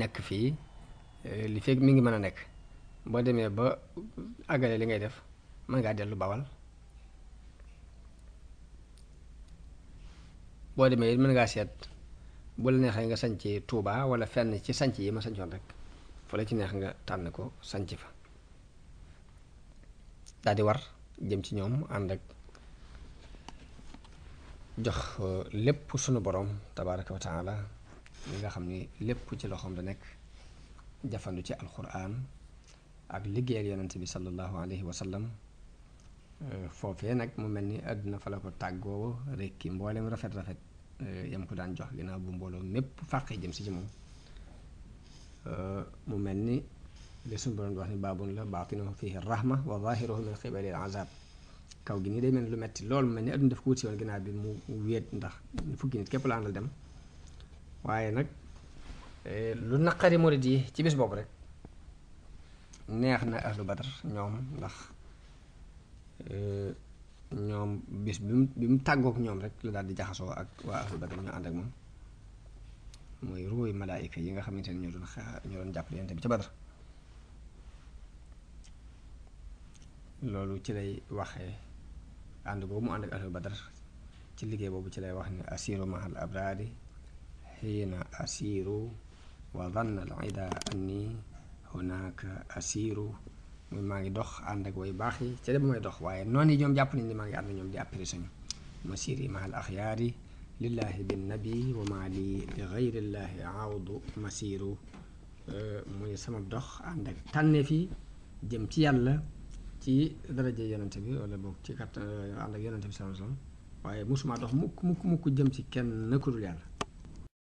A: nekk fii euh, li fekk mu ngi mën a nekk boo demee ba àggale li ngay def mën ngaa dellu bawal boo demee it mën ngaa seet bu la neexee nga sañc Touba wala fenn ci sañc yi ma sañcoon rek fu la ci neex nga tànn ko sañc fa daal di war jëm ci ñoom ànd ak jox euh, lépp sunu borom tabaraka wa taala li nga xam ni lépp ci loxoom la nekk jafandu ci alquran ak liggéeyal yonent bi sallallahu alayhi wa sallam euh, foofee nag mu mel ni àdduna fa la ko tàggoo rekki mboolem rafet-rafet euh, yam ko daan jox ginnaaw bu mbooloo mépp fàqee jëm si ci moom euh, mu mel ni li suñu borom di wax ni baabun la baatinuhu fihi rahma wa zahiruhu min qibali al azab kaw gi nii day mel ni lu metti loolu mu mel ni àdduna daf ko wut si ginnaaw bi mu wéet ndax fukki nit képp la àndal dem waaye nag eh, lu naqari murid yi ci bis boobu rek neex na ahlu badar ñoom ndax eh, ñoom bis bi mu bi mu tàggook ñoom rek la daal di jaxasoo ak waa ahlu badar ñu ànd ak moom mooy ruuy malaayika yi nga xamante ne ñoo doon xaa ñoo doon jàppale yonent bi ca badar loolu ci lay waxee ànd boobu mu ànd ak ahlu badar ci liggéey boobu ci lay wax ne asiru mahal abrari حين أسير وظن العدا أني هناك أسير muy maa ngi dox ànd ak way baax yi ca dem dox waaye noon yi ñoom jàpp nañ ni maa ngi ànd ñoom di apprécié ñu masir yi mahal axyaari lillahi bin nabi wa maa li li gayrillahi awdu masiru sama dox ànd ak tànneef jëm ci yàlla ci daraja yonente bi wala boog ci kattan ànd ak yonente bi sallallahu waaye musuma dox mukk mukk mukk jëm ci kenn nëkkurul yàlla